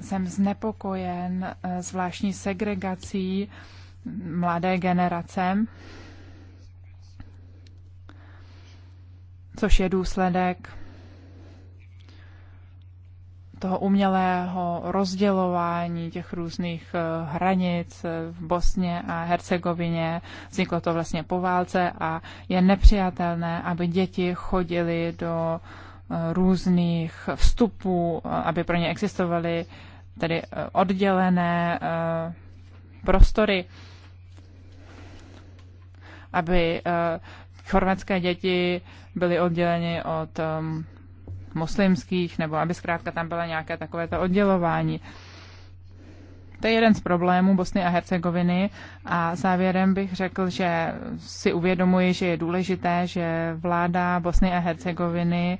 Jsem znepokojen eh, zvláštní segregací mladé generace, což je důsledek toho umělého rozdělování těch různých eh, hranic eh, v Bosně a Hercegovině. Vzniklo to vlastně po válce a je nepřijatelné, aby děti chodili do eh, různých vstupů, aby pro ně existovaly tedy oddělené prostory, aby chorvatské děti byly odděleny od muslimských, nebo aby zkrátka tam bylo nějaké to oddělování. To je jeden z problémů Bosny a Hercegoviny a závěrem bych řekl, že si uvědomuji, že je důležité, že vláda Bosny a Hercegoviny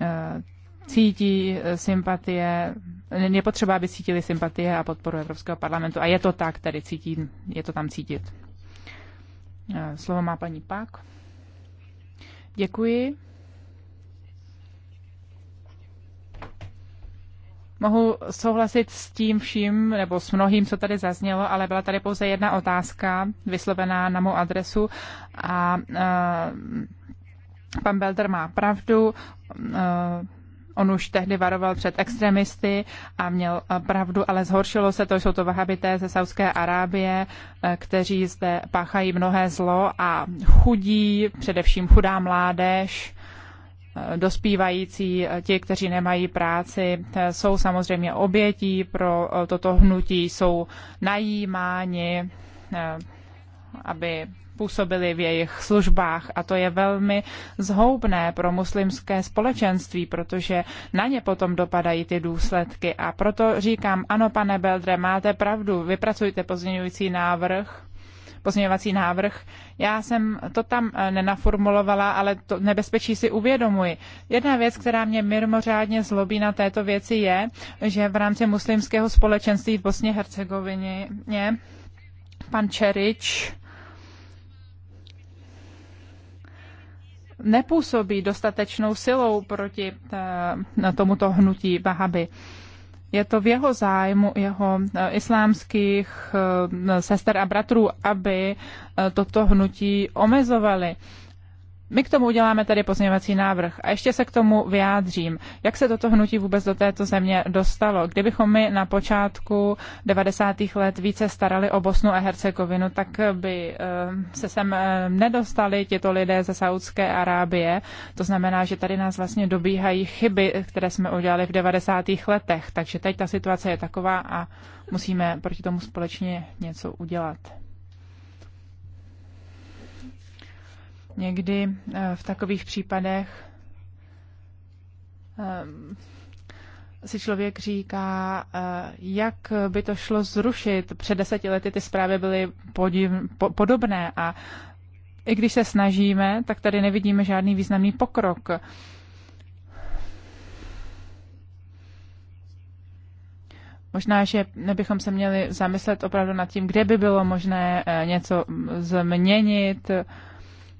eh, cítí sympatie, je potřeba, aby cítili sympatie a podporu Evropského parlamentu. A je to tak, tedy cítí, je to tam cítit. Eh, slovo má paní Pak. Děkuji. Mohu souhlasit s tím vším, nebo s mnohým, co tady zaznělo, ale byla tady pouze jedna otázka vyslovená na mou adresu a uh, pan Belder má pravdu. Uh, On už tehdy varoval před extremisty a měl eh, pravdu, ale zhoršilo se to, jsou to vahabité ze Saudské Arábie, kteří zde páchají mnohé zlo a chudí, především chudá mládež, dospívající, ti, kteří nemají práci, jsou samozřejmě obětí pro toto hnutí, jsou najímáni, eh, aby působili v jejich službách a to je velmi zhoubné pro muslimské společenství, protože na ně potom dopadají ty důsledky. A proto říkám, ano, pane Beldre, máte pravdu, vypracujte pozměňující návrh pozměňovací návrh. Já jsem to tam eh, nenaformulovala, ale to nebezpečí si uvědomuji. Jedna věc, která mě mimořádně zlobí na této věci je, že v rámci muslimského společenství v Bosně Hercegovině pan Čerič nepůsobí dostatečnou silou proti eh, tomuto hnutí Bahaby je to v jeho zájmu, jeho eh, islámských eh, sester a bratrů, aby eh, toto hnutí omezovali. My k tomu uděláme tady pozměňovací návrh a ještě se k tomu vyjádřím, jak se toto hnutí vůbec do této země dostalo. Kdybychom my na počátku 90. let více starali o Bosnu a Hercegovinu, tak by eh, se sem eh, nedostali tito lidé ze Saudské Arábie. To znamená, že tady nás vlastně dobíhají chyby, které jsme udělali v 90. letech. Takže teď ta situace je taková a musíme proti tomu společně něco udělat. Někdy eh, v takových případech eh, si člověk říká, eh, jak by to šlo zrušit. Před deseti lety ty zprávy byly podiv, po, podobné a i když se snažíme, tak tady nevidíme žádný významný pokrok. Možná, že nebychom se měli zamyslet opravdu nad tím, kde by bylo možné něco změnit,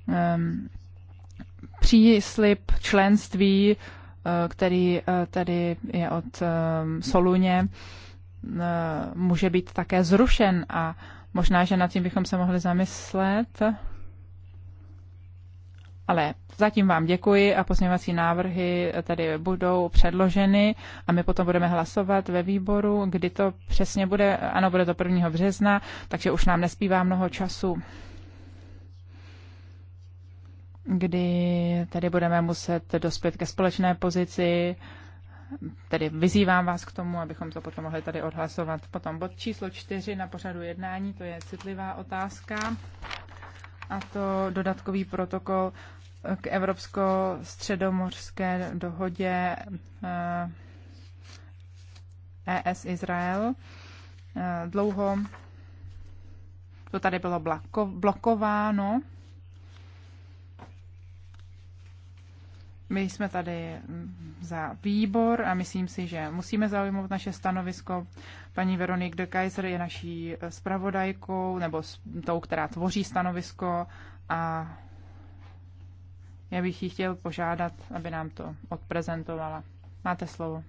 Ehm, příslip členství, eh, který eh, tady je od ehm, Soluně, eh, může být také zrušen a možná, že nad tím bychom se mohli zamyslet. Ale zatím vám děkuji a pozměňovací návrhy tady budou předloženy a my potom budeme hlasovat ve výboru, kdy to přesně bude. Ano, bude to 1. března, takže už nám nespívá mnoho času kdy tady budeme muset dospět ke společné pozici. Tedy vyzývám vás k tomu, abychom to potom mohli tady odhlasovat. Potom bod číslo čtyři na pořadu jednání, to je citlivá otázka. A to dodatkový protokol k Evropsko-středomořské dohodě ES eh, e Izrael. Eh, dlouho to tady bylo blokováno My jsme tady mm, za výbor a myslím si, že musíme zaujmout naše stanovisko. Paní Veronik de Kaiser je naší spravodajkou, eh, nebo tou, která tvoří stanovisko a já bych ji chtěl požádat, aby nám to odprezentovala. Máte slovo.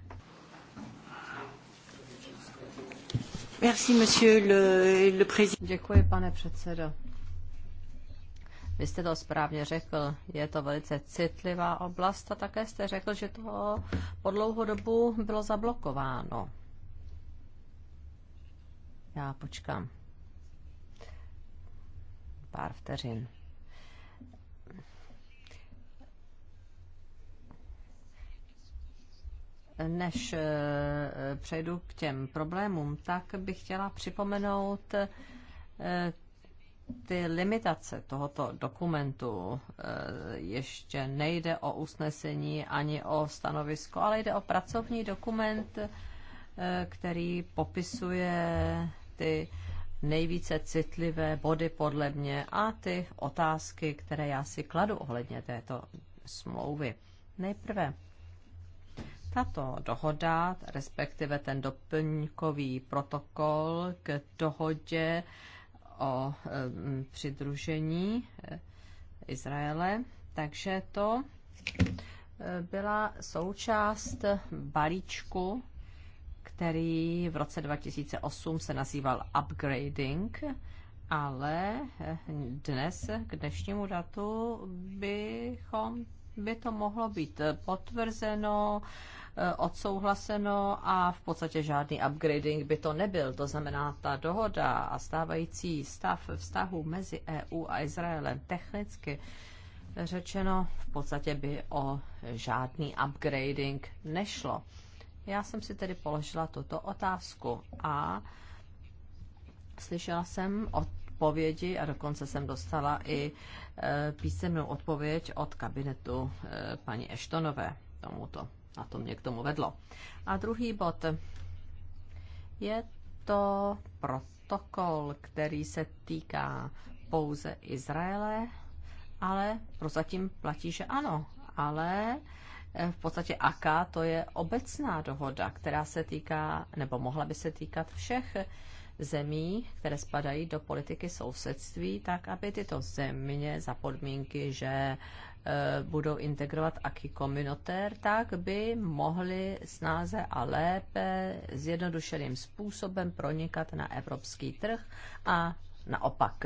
Merci, monsieur le, le Děkuji, pane předsedo. Vy jste to správně řekl, je to velice citlivá oblast a také jste řekl, že to po dlouhou dobu bylo zablokováno. Já počkám. Pár vteřin. Než eh, přejdu k těm problémům, tak bych chtěla připomenout eh, ty limitace tohoto dokumentu eh, ještě nejde o usnesení ani o stanovisko, ale jde o pracovní dokument, eh, který popisuje ty nejvíce citlivé body podle mě a ty otázky, které já si kladu ohledně této smlouvy. Nejprve, tato dohoda, respektive ten doplňkový protokol k dohodě o e, přidružení e, Izraele, takže to e, byla součást balíčku, který v roce 2008 se nazýval Upgrading, ale dnes, k dnešnímu datu, bychom by to mohlo být potvrzeno, eh, odsouhlaseno a v podstatě žádný upgrading by to nebyl. To znamená, ta dohoda a stávající stav vztahu mezi EU a Izraelem technicky řečeno v podstatě by o žádný upgrading nešlo. Já jsem si tedy položila tuto otázku a slyšela jsem od odpovědi a dokonce jsem dostala i e, písemnou odpověď od kabinetu e, paní Eštonové. Tomuto, a to mě k tomu vedlo. A druhý bod je to protokol, který se týká pouze Izraele, ale prozatím platí, že ano. Ale v podstatě AKA to je obecná dohoda, která se týká, nebo mohla by se týkat všech zemí, které spadají do politiky sousedství, tak aby tyto země za podmínky, že eh, budou integrovat aký komunitér, tak by mohli snáze a lépe zjednodušeným způsobem pronikat na evropský trh a naopak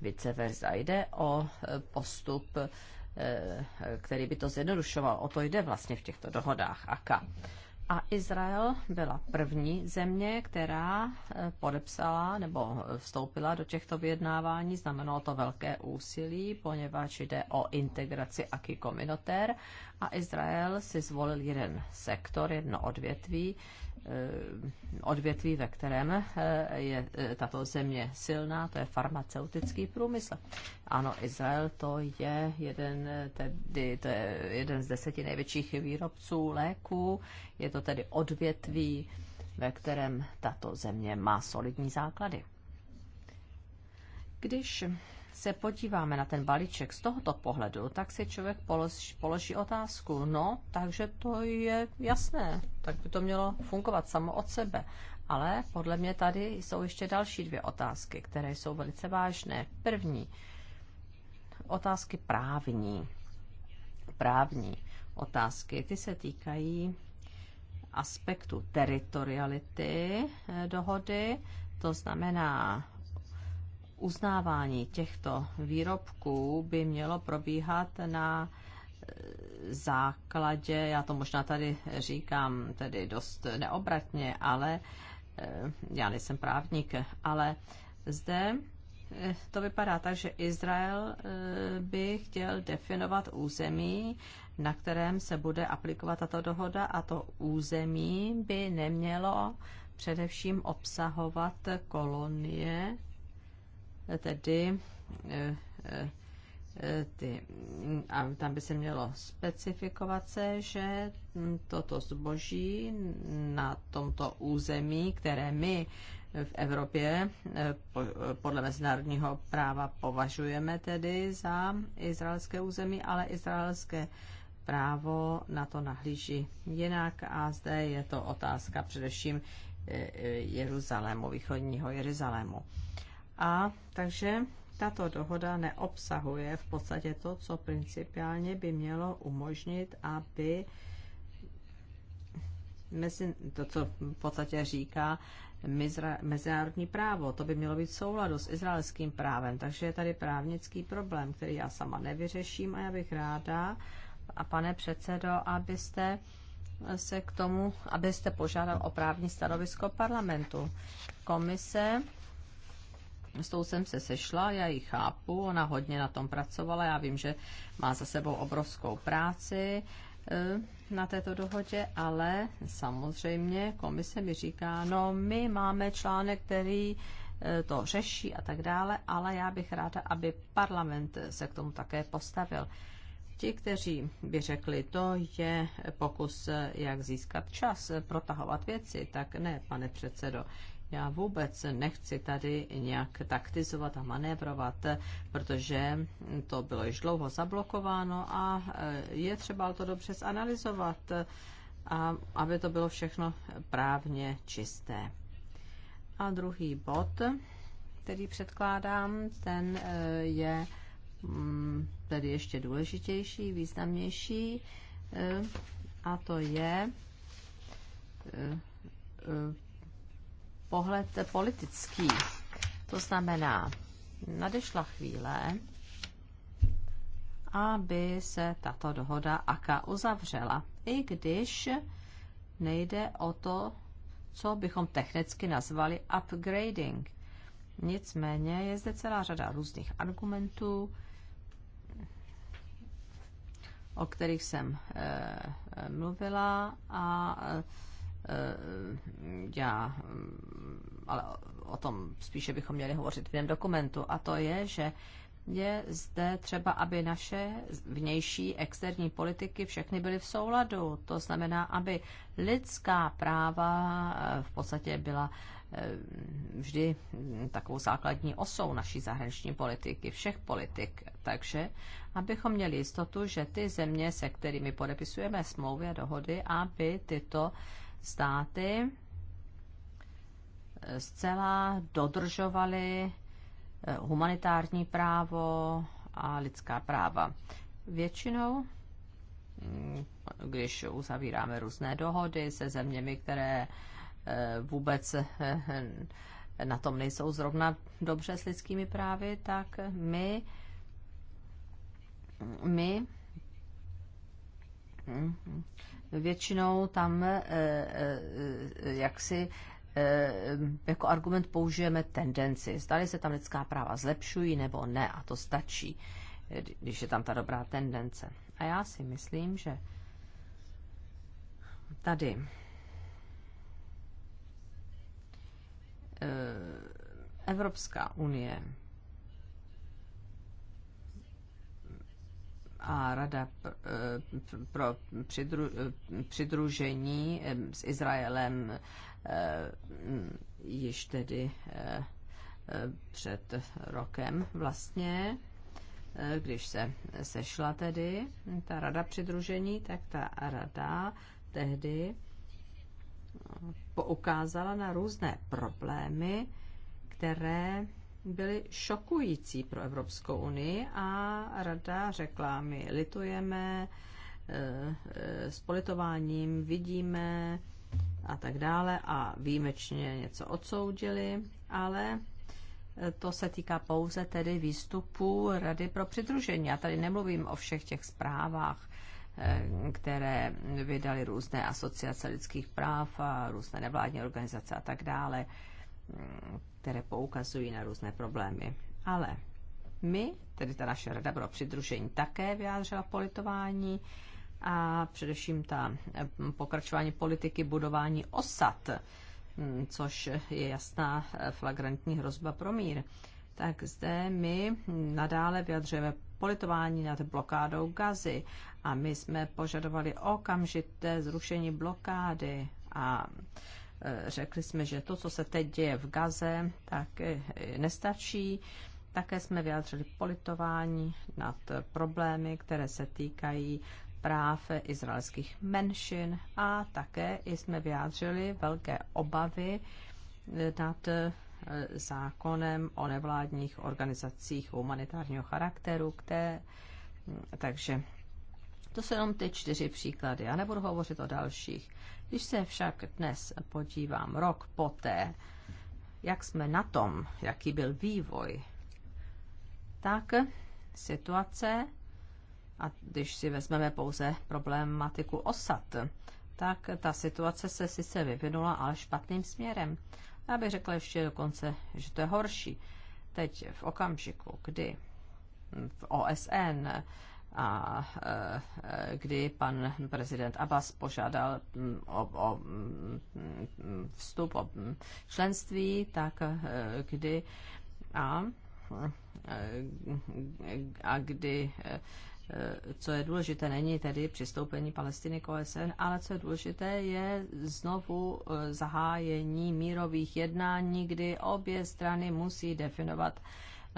vice versa. Jde o eh, postup Eh, který by to zjednodušoval. O to jde vlastně v těchto dohodách AKA. A Izrael byla první země, která eh, podepsala nebo vstoupila do těchto vyjednávání. Znamenalo to velké úsilí, poněvadž jde o integraci Aki Kominotér a Izrael si zvolil jeden sektor, jedno odvětví, eh, odvětví, ve kterém eh, je eh, tato země silná, to je farmaceutický průmysl. Ano, Izrael to je jeden, tedy, to je jeden z deseti největších výrobců léků, je to tedy odvětví, ve kterém tato země má solidní základy. Když se podíváme na ten balíček z tohoto pohledu, tak si člověk položí, položí otázku, no, takže to je jasné, tak by to mělo fungovat samo od sebe. Ale podle mě tady jsou ještě další dvě otázky, které jsou velice vážné. První, otázky právní. Právní otázky, ty se týkají aspektu teritoriality eh, dohody, to znamená uznávání těchto výrobků by mělo probíhat na eh, základě, já to možná tady říkám tedy dost neobratně, ale eh, já nejsem právník, ale zde eh, to vypadá tak, že Izrael by chtěl definovat území, na kterém se bude aplikovat tato dohoda a to území by nemělo především obsahovat kolonie tedy eh, eh, ty, a tam by se mělo specifikovat se, že toto zboží na tomto území, které my v Evropě eh, podle mezinárodního práva považujeme tedy za izraelské území, ale izraelské právo na to nahlíží jinak a zde je to otázka především Jeruzalému, východního Jeruzalému. A takže tato dohoda neobsahuje v podstatě to, co principiálně by mělo umožnit, aby mezi, to, co v podstatě říká mezinárodní právo. To by mělo být v souladu s izraelským právem, takže je tady právnický problém, který já sama nevyřeším a já bych ráda, a pane předsedo, abyste se k tomu, abyste požádal o právní stanovisko parlamentu. Komise s tou jsem se sešla, já ji chápu, ona hodně na tom pracovala, já vím, že má za sebou obrovskou práci eh, na této dohodě, ale samozřejmě komise mi říká, no my máme článek, který eh, to řeší a tak dále, ale já bych ráda, aby parlament se k tomu také postavil. Ti, kteří by řekli, to je pokus, eh, jak získat čas, protahovat věci, tak ne, pane předsedo. Já vůbec nechci tady nějak taktizovat a manévrovat, protože to bylo již dlouho zablokováno a e, je třeba to dobře zanalizovat, a aby to bylo všechno právně čisté. A druhý bod, který předkládám, ten e, je mm, tedy ještě důležitější, významnější, e, a to je pohled politický. To znamená, nadešla chvíle, aby se tato dohoda AKA uzavřela, i když nejde o to, co bychom technicky nazvali upgrading. Nicméně je zde celá řada různých argumentů, o kterých jsem e, mluvila a e, Eh, já, mm, ale o tom spíše bychom měli hovořit v jiném dokumentu, a to je, že je zde třeba, aby naše vnější externí politiky všechny byly v souladu. To znamená, aby lidská práva eh, v podstatě byla eh, vždy mm, takovou základní osou naší zahraniční politiky, všech politik. Takže abychom měli jistotu, že ty země, se kterými podepisujeme smlouvy a dohody, aby tyto uh, státy zcela dodržovaly eh, humanitární právo a lidská práva. Většinou, mm, když uzavíráme různé dohody se zeměmi, které eh, vůbec eh, na tom nejsou zrovna dobře s lidskými právy, tak my, my mm, většinou tam eh, eh, eh, jaksi jako argument použijeme tendenci. Zdali se tam lidská práva zlepšují nebo ne a to stačí, když je tam ta dobrá tendence. A já si myslím, že tady Evropská unie a Rada eh, pro eh, přidružení s Izraelem eh, mm, již tedy před rokem vlastně, když se sešla tedy ta rada přidružení, tak ta rada tehdy poukázala na různé problémy, které byly šokující pro Evropskou unii a rada řekla, my litujeme, eh, eh, s politováním vidíme a tak dále a výjimečně něco odsoudili, ale eh, to se týká pouze tedy výstupu Rady pro přidružení. Já tady nemluvím o všech těch zprávách, které vydali různé asociace lidských práv a různé nevládní organizace a tak dále které poukazují na různé problémy. Ale my, tedy ta naše rada pro přidružení, také vyjádřila politování a především ta eh, pokračování politiky budování osad, hm, což je jasná eh, flagrantní hrozba pro mír. Tak zde my nadále vyjadřujeme politování nad blokádou Gazy a my jsme požadovali okamžité zrušení blokády a Eh, řekli jsme, že to, co se teď děje v Gaze, tak eh, nestačí. Také jsme vyjádřili politování nad eh, problémy, které se týkají práv izraelských menšin a také jsme vyjádřili velké obavy nad zákonem o nevládních organizacích humanitárního charakteru, které, mm, takže to jsou jenom ty čtyři příklady. Já nebudu hovořit o dalších. Když se však dnes podívám rok poté, jak jsme na tom, jaký byl vývoj, tak situace, a když si vezmeme pouze problematiku osad, tak ta situace se sice vyvinula, ale špatným směrem. Já bych řekla ještě dokonce, že to je horší. Teď v okamžiku, kdy v OSN a e, e, kdy pan prezident Abbas požádal mm, o, o mm, vstup, o mm, členství, tak e, kdy a, a kdy co je důležité, není tedy přistoupení Palestiny k OSN, ale co je důležité, je znovu zahájení mírových jednání, kdy obě strany musí definovat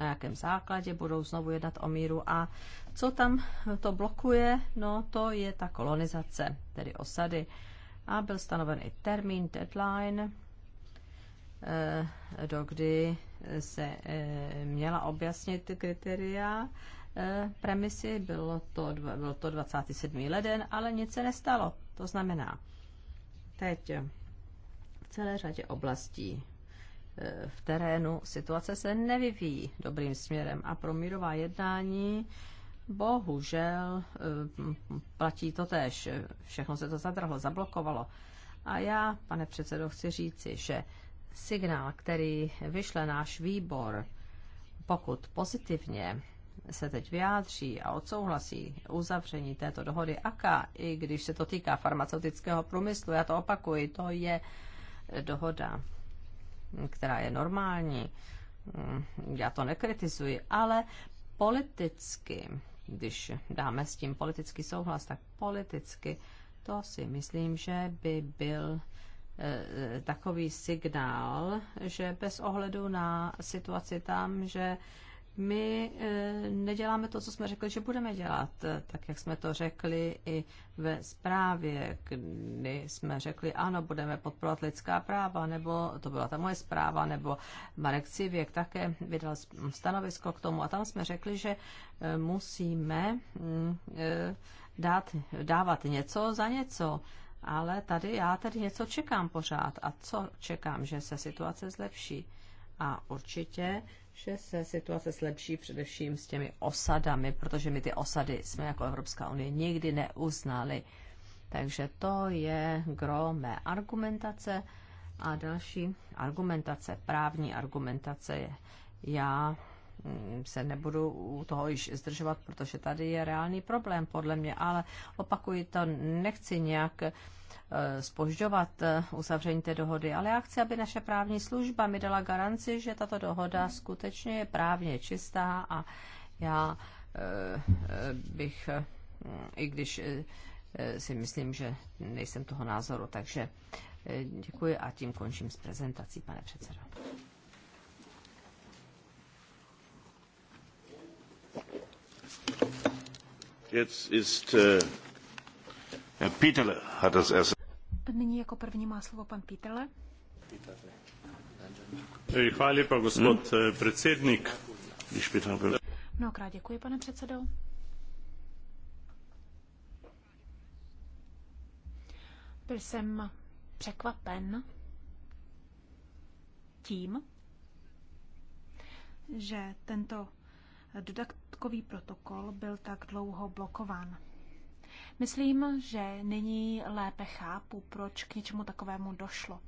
na jakém základě budou znovu jednat o míru a co tam to blokuje, no to je ta kolonizace, tedy osady. A byl stanoven i termín, deadline, eh, do kdy se eh, měla objasnit kritéria eh, premisy, bylo to, bylo to 27. leden, ale nic se nestalo. To znamená, teď v celé řadě oblastí v terénu situace se nevyvíjí dobrým směrem a pro mírová jednání bohužel eh, platí to tež. Všechno se to zadrhlo, zablokovalo. A já, pane předsedo, chci říci, že signál, který vyšle náš výbor, pokud pozitivně se teď vyjádří a odsouhlasí uzavření této dohody AKA, i když se to týká farmaceutického průmyslu, já to opakuji, to je dohoda která je normální. Mm, já to nekritizuji, ale politicky, když dáme s tím politický souhlas, tak politicky to si myslím, že by byl eh, takový signál, že bez ohledu na situaci tam, že my eh, neděláme to, co jsme řekli, že budeme dělat, eh, tak jak jsme to řekli i ve zprávě, kdy jsme řekli, ano, budeme podporovat lidská práva, nebo to byla ta moje zpráva, nebo Marek Civěk také vydal stanovisko k tomu a tam jsme řekli, že eh, musíme mm, dát, dávat něco za něco. Ale tady já tady něco čekám pořád. A co čekám, že se situace zlepší? A určitě že se situace zlepší především s těmi osadami, protože my ty osady jsme jako Evropská unie nikdy neuznali. Takže to je gro mé argumentace. A další argumentace, právní argumentace je, já mm, se nebudu u toho již zdržovat, protože tady je reálný problém podle mě, ale opakuji to, nechci nějak uh, spožďovat eh, eh, uzavření té dohody, ale já chci, aby naše právní služba mi dala garanci, že tato dohoda skutečně je právně čistá a já eh, bych, i když si myslím, že nejsem toho názoru, takže děkuji a tím končím s prezentací, pane předsedo. Jetzt ist äh, Herr Pieterle hat das erste. Nyní jako první má slovo pan Pítele. Hvala lepa, gospod eh, predsednik. Mnohokrát děkuji, pane předsedo. Byl jsem překvapen tím, že tento dodatkový protokol byl tak dlouho blokován. Myslím, že nyní lépe chápu, proč k něčemu takovému došlo.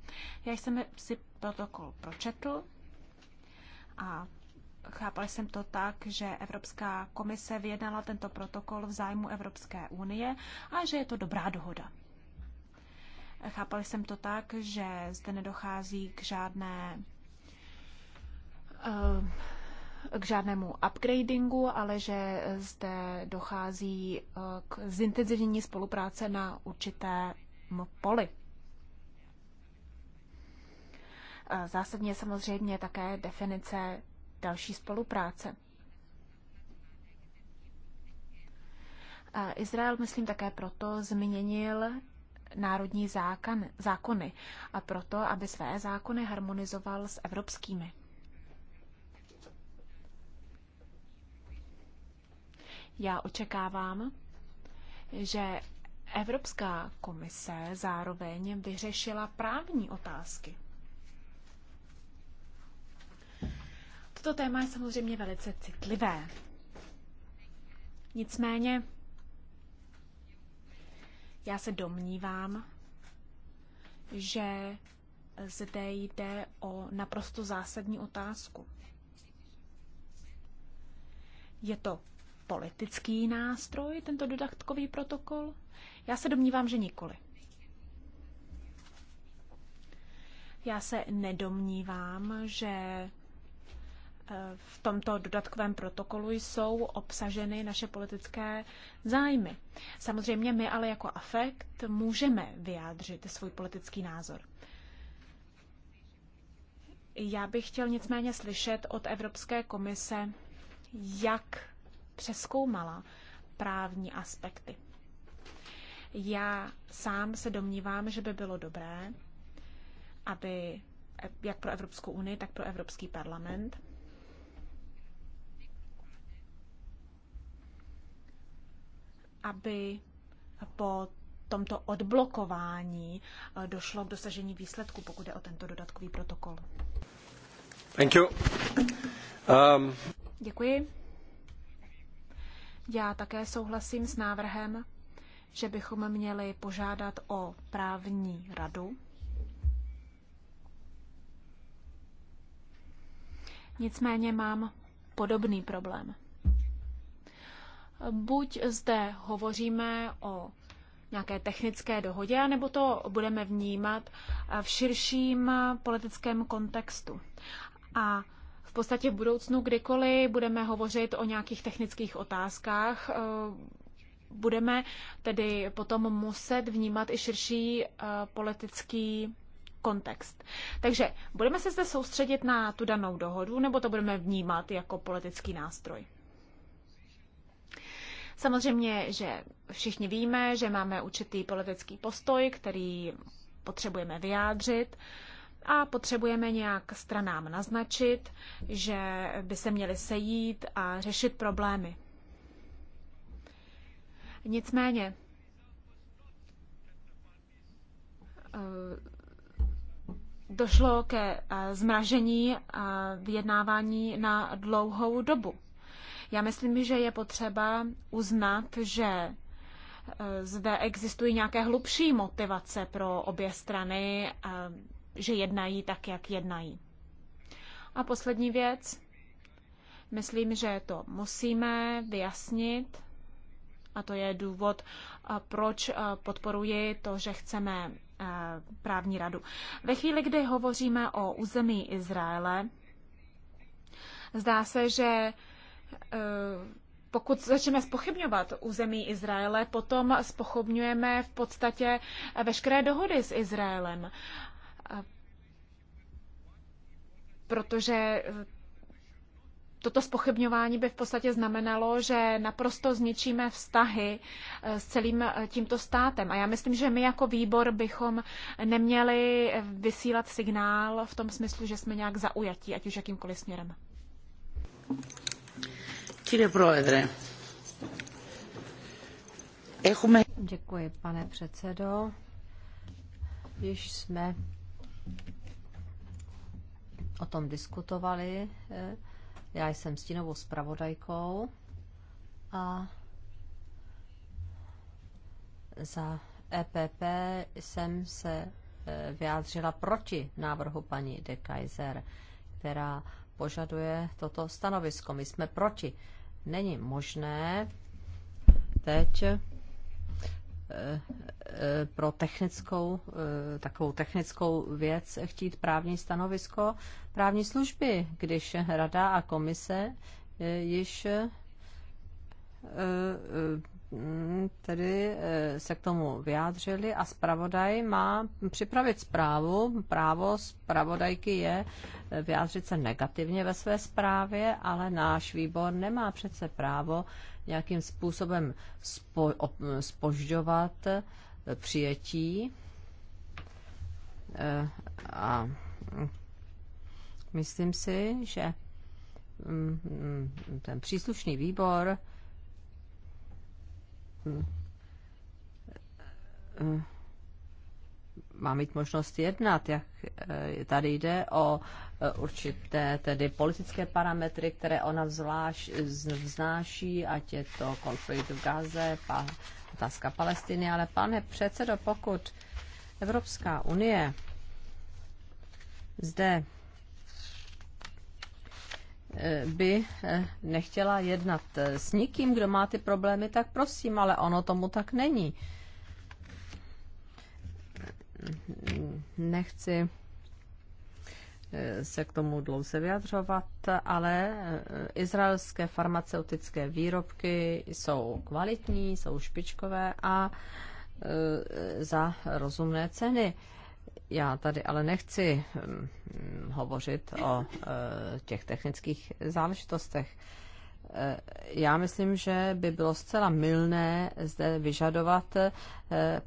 Já jsem si protokol pročetl a chápal jsem to tak, že Evropská komise vyjednala tento protokol v zájmu Evropské unie a že je to dobrá dohoda. Chápal jsem to tak, že zde nedochází k žádné eh, k žádnému upgradingu, ale že zde dochází eh, k zintenzivnění spolupráce na určité poli. Zásadně samozřejmě také definice další spolupráce. Izrael, myslím, také proto změnil národní zákony a proto, aby své zákony harmonizoval s evropskými. Já očekávám, že Evropská komise zároveň vyřešila právní otázky. Toto téma je samozřejmě velice citlivé. Nicméně já se domnívám, že zde jde o naprosto zásadní otázku. Je to politický nástroj, tento dodatkový protokol? Já se domnívám, že nikoli. Já se nedomnívám, že eh, v tomto dodatkovém protokolu jsou obsaženy naše politické zájmy. Samozřejmě my ale jako afekt můžeme vyjádřit svůj politický názor. Já bych chtěl nicméně slyšet od Evropské komise, jak přeskoumala právní aspekty. Já sám se domnívám, že by bylo dobré, aby jak pro Evropskou unii, tak pro Evropský parlament aby po tomto odblokování eh, došlo k dosažení výsledku, pokud je o tento dodatkový protokol. Thank you. Um... Děkuji. Já také souhlasím s návrhem, že bychom měli požádat o právní radu. Nicméně mám podobný problém. Buď zde hovoříme o nějaké technické dohodě, nebo to budeme vnímat v širším politickém kontextu. A v podstatě v budoucnu, kdykoliv budeme hovořit o nějakých technických otázkách, eh, budeme tedy potom muset vnímat i širší eh, politický kontext. Takže budeme se zde soustředit na tu danou dohodu, nebo to budeme vnímat jako politický nástroj? Samozřejmě, že všichni víme, že máme určitý politický postoj, který potřebujeme vyjádřit. Uh, a potřebujeme nějak stranám naznačit, že by se měli sejít a řešit problémy. Nicméně, eh, došlo ke eh, zmražení eh, vyjednávání na dlouhou dobu. Já myslím, že je potřeba uznat, že zde existují nějaké hlubší motivace pro obě strany že jednají tak, jak jednají. A poslední věc. Myslím, že to musíme vyjasnit. A to je důvod, proč podporuji to, že chceme právní radu. Ve chvíli, kdy hovoříme o území Izraele, zdá se, že e, pokud začneme spochybňovat území Izraele, potom spochybňujeme v podstatě veškeré dohody s Izraelem protože eh, toto spochybňování by v podstatě znamenalo, že naprosto zničíme vztahy eh, s celým eh, tímto státem. A já myslím, že my jako výbor bychom neměli vysílat signál v tom smyslu, že jsme nějak zaujatí, ať už jakýmkoliv směrem. Děkuji, pane předsedo. Již jsme o tom diskutovali. E, já jsem stínovou zpravodajkou a za EPP jsem se e, vyjádřila proti návrhu paní de Kaiser, která požaduje toto stanovisko. My jsme proti. Není možné teď pro technickou, eh, takovou technickou věc chtít právní stanovisko právní služby, když rada a komise eh, již eh, tedy se k tomu vyjádřili a zpravodaj má připravit zprávu. Právo zpravodajky je vyjádřit se negativně ve své zprávě, ale náš výbor nemá přece právo nějakým způsobem spo, spožďovat eh, přijetí eh, a mm, myslím si, že mm, mm, ten příslušný výbor eh, má mít možnost jednat, jak tady jde o Eh, určité tedy politické parametry, které ona vzláš, vznáší, ať je to konflikt v Gaze, pa, otázka Palestiny, ale pane předsedo, pokud Evropská unie zde eh, by eh, nechtěla jednat s nikým, kdo má ty problémy, tak prosím, ale ono tomu tak není. Nechci se k tomu dlouze vyjadřovat, ale eh, izraelské farmaceutické výrobky jsou kvalitní, jsou špičkové a eh, za rozumné ceny. Já tady ale nechci hm, hm, hovořit o eh, těch technických záležitostech. Eh, já myslím, že by bylo zcela mylné zde vyžadovat eh, eh,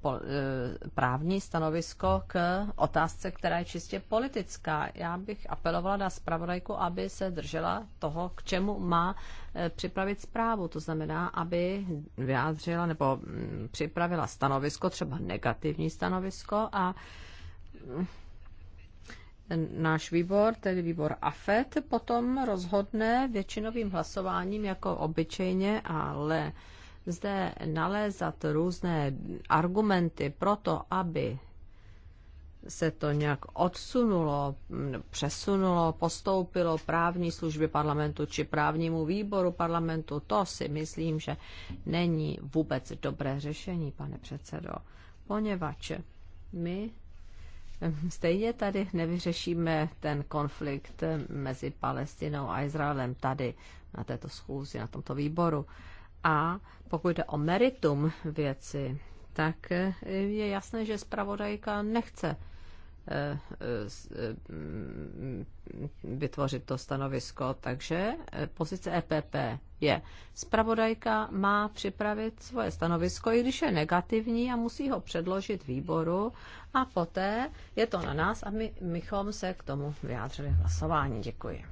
právní stanovisko k otázce, která je čistě politická. Já bych apelovala na zpravodajku, aby se držela toho, k čemu má připravit zprávu. To znamená, aby vyjádřila nebo mm, připravila stanovisko, třeba negativní stanovisko a mm, náš výbor, tedy výbor AFET, potom rozhodne většinovým hlasováním jako obyčejně, ale zde nalézat různé argumenty pro to, aby se to nějak odsunulo, přesunulo, postoupilo právní služby parlamentu či právnímu výboru parlamentu, to si myslím, že není vůbec dobré řešení, pane předsedo, poněvadž my Stejně tady nevyřešíme ten konflikt mezi Palestinou a Izraelem tady na této schůzi, na tomto výboru. A pokud jde o meritum věci, tak je jasné, že zpravodajka nechce Eh, eh, eh, mm, vytvořit to stanovisko. Takže pozice EPP je, spravodajka má připravit svoje stanovisko, i když je negativní a musí ho předložit výboru a poté je to na nás a my, mychom se k tomu vyjádřili hlasování. Děkuji.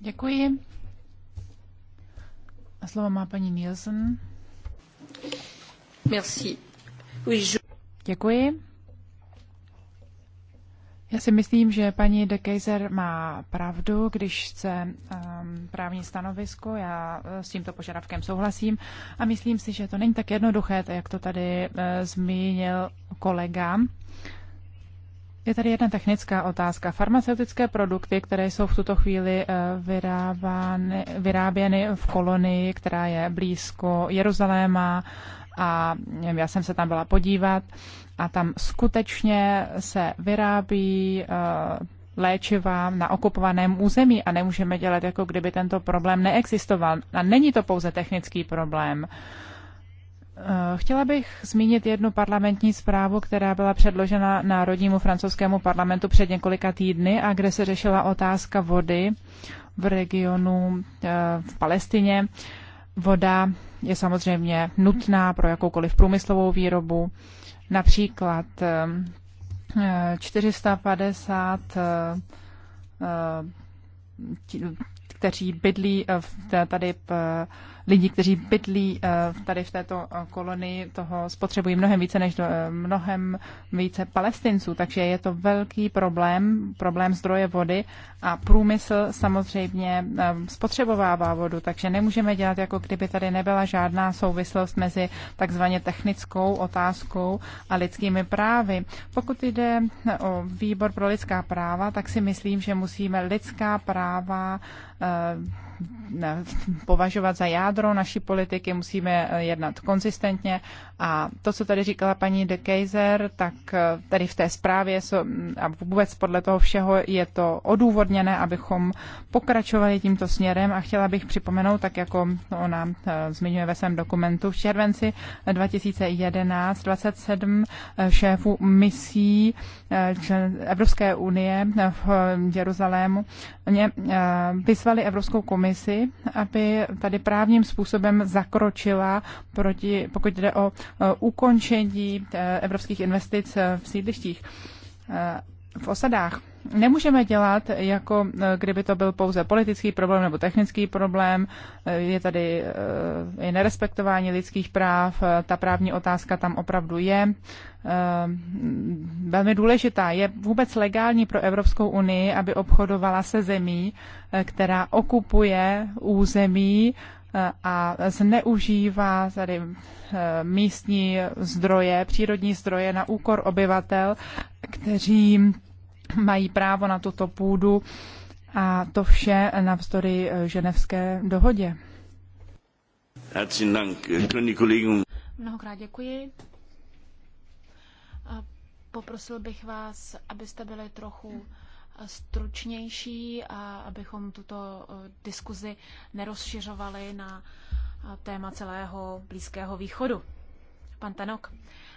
Děkuji. A slovo má paní Nielsen. Merci. Děkuji. Já si myslím, že paní de Kaiser má pravdu, když chce um, právní stanovisko. Já uh, s tímto požadavkem souhlasím a myslím si, že to není tak jednoduché, jak to tady uh, zmínil kolega. Uh, je tady jedna technická otázka. Farmaceutické produkty, které jsou v tuto chvíli eh, vyrábány, vyráběny v kolonii, která je blízko Jeruzaléma, a já jsem se tam byla podívat a tam skutečně se vyrábí eh, léčiva na okupovaném území a nemůžeme dělat, jako kdyby tento problém neexistoval. A není to pouze technický problém. Uh, Eh, chtěla bych zmínit jednu parlamentní zprávu, která byla předložena Národnímu francouzskému parlamentu před několika týdny a kde se řešila otázka vody v regionu eh, v Palestině. Voda je samozřejmě nutná pro jakoukoliv průmyslovou výrobu. Například 450 eh, kteří bydlí tady v lidí, kteří bydlí eh, tady v této eh, kolonii, toho spotřebují mnohem více než do, eh, mnohem více palestinců, takže je to velký problém, problém zdroje vody a průmysl samozřejmě spotřebovává vodu, takže nemůžeme dělat, jako kdyby tady nebyla žádná souvislost mezi takzvaně technickou otázkou a lidskými právy. Pokud jde o výbor pro lidská práva, tak si myslím, že musíme lidská práva považovat za jádro naší politiky, musíme eh, jednat konzistentně a to, co tady říkala paní de Kaiser, tak eh, tady v té zprávě a vůbec podle toho všeho je to odůvodněné, abychom pokračovali tímto směrem a chtěla bych připomenout, tak jako ona eh, zmiňuje ve svém dokumentu, v červenci 2011 27 šéfů misí Evropské unie v Jeruzalému vyzvali Evropskou komisi komisi, aby tady právním způsobem zakročila, proti, pokud jde o e, ukončení e, evropských investic v sídlištích e, v osadách nemůžeme dělat, jako e, kdyby to byl pouze politický problém nebo technický problém. E, je tady e, i nerespektování lidských práv, ta právní otázka tam opravdu je. Velmi důležitá. Je vůbec legální pro Evropskou unii, aby obchodovala se zemí, která okupuje území a zneužívá tady místní zdroje, přírodní zdroje na úkor obyvatel, kteří mají právo na tuto půdu a to vše navzdory eh, ženevské dohodě. Eh, Mnohokrát děkuji. A poprosil bych vás, abyste byli trochu eh, stručnější a abychom tuto diskuzi nerozšiřovali na téma celého Blízkého východu. Pan Tanok.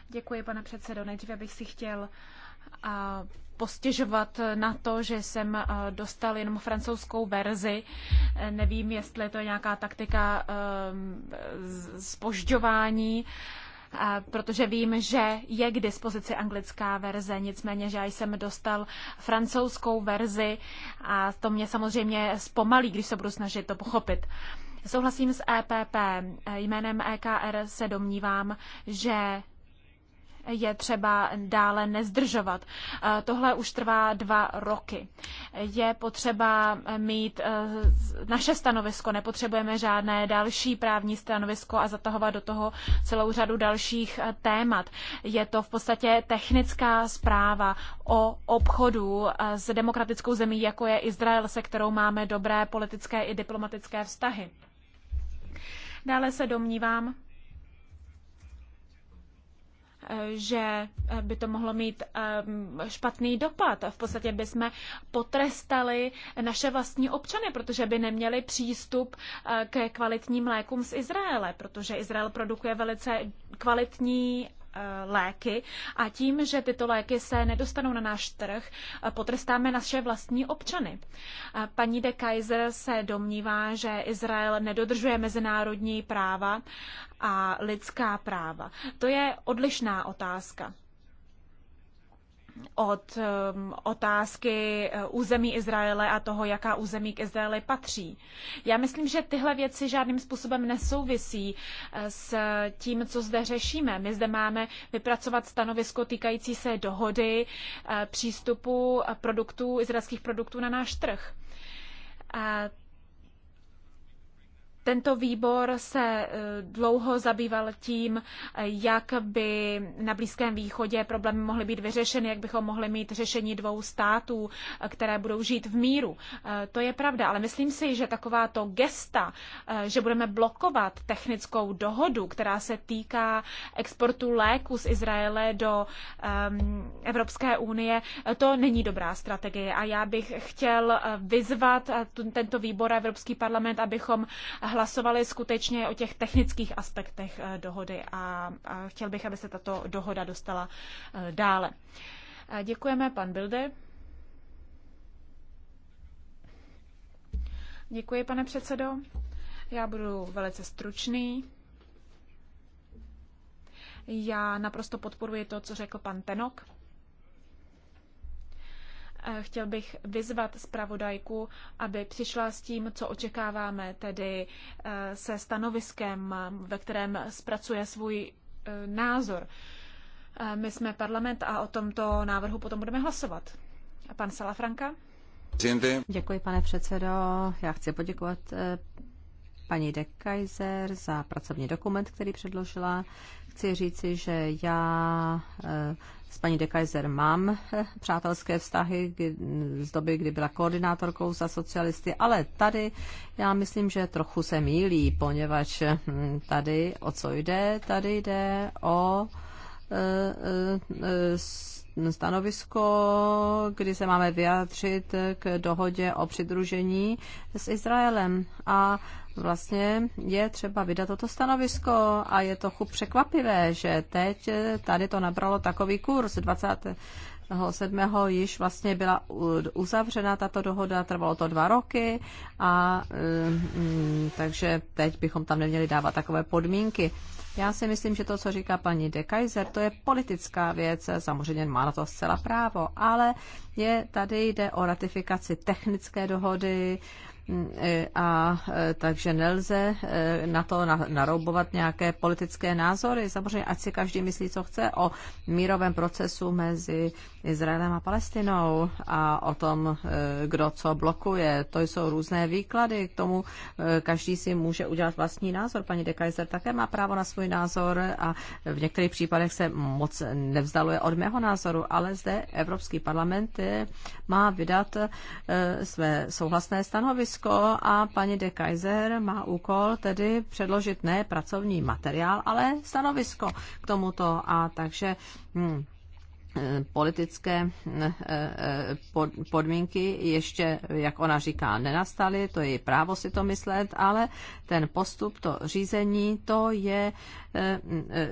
Děkuji, pane předsedo. Nejdříve bych si chtěl postěžovat na to, že jsem eh, dostal jenom francouzskou verzi. Eh, nevím, jestli to je nějaká taktika spožďování ehm, eh, protože vím, že je k dispozici anglická verze, nicméně, že já jsem dostal francouzskou verzi a to mě samozřejmě zpomalí, když se budu snažit to pochopit. Souhlasím s EPP. Jménem EKR se domnívám, že je třeba dále nezdržovat. Eh, tohle už trvá dva roky. Je potřeba eh, mít eh, naše stanovisko, nepotřebujeme žádné další právní stanovisko a zatahovat do toho celou řadu dalších témat. Je to v podstatě technická zpráva o obchodu s demokratickou zemí, jako je Izrael, se kterou máme dobré politické i diplomatické vztahy. Dále se domnívám, že by to mohlo mít špatný dopad. V podstatě by jsme potrestali naše vlastní občany, protože by neměli přístup eh, ke kvalitním lékům z Izraele, protože Izrael produkuje velice kvalitní Eh, léky a tím, že tyto léky se nedostanou na náš trh, eh, potrestáme naše vlastní občany. Eh, paní de Kaiser se domnívá, že Izrael nedodržuje mezinárodní práva a lidská práva. To je odlišná otázka od um, otázky uh, území Izraele a toho, jaká území k Izraeli patří. Já myslím, že tyhle věci žádným způsobem nesouvisí uh, s tím, co zde řešíme. My zde máme vypracovat stanovisko týkající se dohody uh, přístupu produktů, izraelských produktů na náš trh. A tento výbor se e, dlouho zabýval tím, e, jak by na Blízkém východě problémy mohly být vyřešeny, jak bychom mohli mít řešení dvou států, e, které budou žít v míru. To je pravda, ale myslím si, že takováto gesta, že budeme blokovat technickou dohodu, která se týká exportu léku z Izraele do Evropské unie, to není dobrá strategie. A já bych chtěl vyzvat tento výbor a Evropský parlament, abychom hlasovali skutečně o těch technických aspektech eh, dohody a chtěl bych, aby se tato dohoda dostala eh, dále. Eh, děkujeme, pan Bilde. Děkuji, pane předsedo. Já budu velice stručný. Já naprosto podporuji to, co řekl pan Tenok. Chtěl bych vyzvat zpravodajku, aby přišla s tím, co očekáváme, tedy eh, se stanoviskem, ve kterém zpracuje svůj eh, názor. Eh, my jsme parlament a o tomto návrhu potom budeme hlasovat. A pan Salafranka? Děkuji, pane předsedo. Já chci poděkovat paní De Kaiser za pracovní dokument, který předložila. Chci říci, že já s paní De Kaiser mám eh, přátelské vztahy z doby, kdy byla koordinátorkou za socialisty, ale tady já myslím, že trochu se mílí, poněvadž hm, tady o co jde? Tady jde o eh, eh, stanovisko, kdy se máme vyjádřit k dohodě o přidružení s Izraelem. A vlastně je třeba vydat toto stanovisko a je to chup překvapivé, že teď tady to nabralo takový kurz 20. 7. již vlastně byla uzavřena tato dohoda, trvalo to dva roky a mm, takže teď bychom tam neměli dávat takové podmínky. Já si myslím, že to, co říká paní De Kaiser, to je politická věc, samozřejmě má na to zcela právo, ale je tady jde o ratifikaci technické dohody, a e, takže nelze e, na to naroubovat nějaké politické názory. Samozřejmě, ať si každý myslí, co chce o mírovém procesu mezi Izraelem a Palestinou a o tom, e, kdo co blokuje. To jsou různé výklady, k tomu každý si může udělat vlastní názor. Paní de Kaiser také má právo na svůj názor a v některých případech se moc nevzdaluje od mého názoru, ale zde Evropský parlament má vydat své souhlasné stanovisko Německo a paní de Kaiser má úkol tedy předložit ne pracovní materiál, ale stanovisko k tomuto. A takže hm, Eh, politické eh, eh, podmínky ještě, jak ona říká, nenastaly, to je její právo si to myslet, ale ten postup, to řízení, to je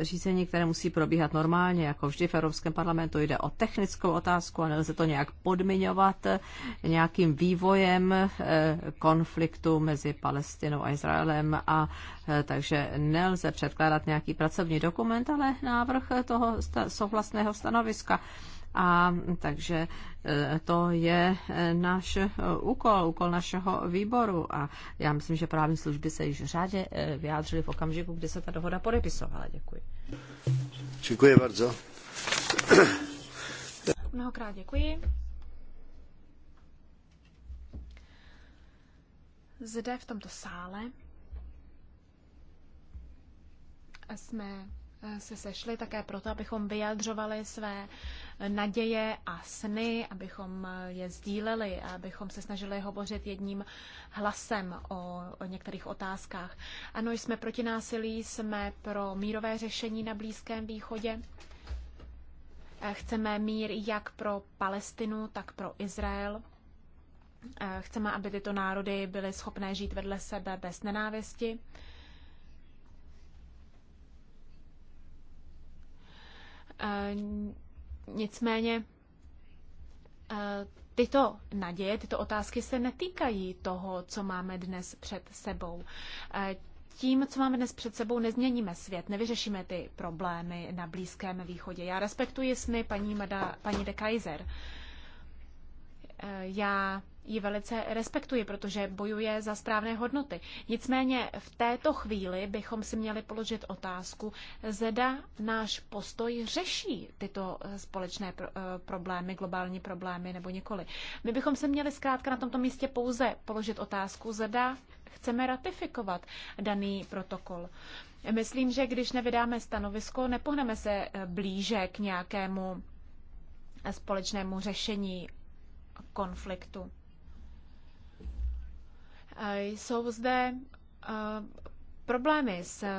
řízení, které musí probíhat normálně, jako vždy v Evropském parlamentu jde o technickou otázku a nelze to nějak podmiňovat nějakým vývojem konfliktu mezi Palestinou a Izraelem a Eh, takže nelze předkládat nějaký pracovní dokument, ale návrh toho souhlasného stanoviska. A takže eh, to je eh, náš úkol, úkol našeho výboru. A já myslím, že právní služby se již řádě vyjádřily v okamžiku, kdy se ta dohoda podepisovala. Děkuji. Děkuji bardzo. Mnohokrát děkuji. Zde v tomto sále jsme eh, se sešli také proto, abychom vyjadřovali své naděje a sny, abychom eh, je sdíleli, a abychom se snažili hovořit jedním hlasem o, o některých otázkách. Ano, jsme proti násilí, jsme pro mírové řešení na Blízkém východě. Eh, chceme mír jak pro Palestinu, tak pro Izrael. Chceme, aby tyto národy byly schopné žít vedle sebe bez nenávisti. Eh, nicméně eh, tyto naděje, tyto otázky se netýkají toho, co máme dnes před sebou. Eh, tím, co máme dnes před sebou, nezměníme svět, nevyřešíme ty problémy na Blízkém východě. Já respektuji sny paní, Mada, paní de Kaiser. Já ji velice respektuji, protože bojuje za správné hodnoty. Nicméně v této chvíli bychom si měli položit otázku, zda náš postoj řeší tyto eh, společné pro, eh, problémy, globální problémy nebo nikoli. My bychom se měli zkrátka na tomto místě pouze položit otázku, zda chceme ratifikovat daný protokol. Myslím, že když nevydáme stanovisko, nepohneme se eh, blíže k nějakému společnému řešení konfliktu. Jsou zde problémy s e,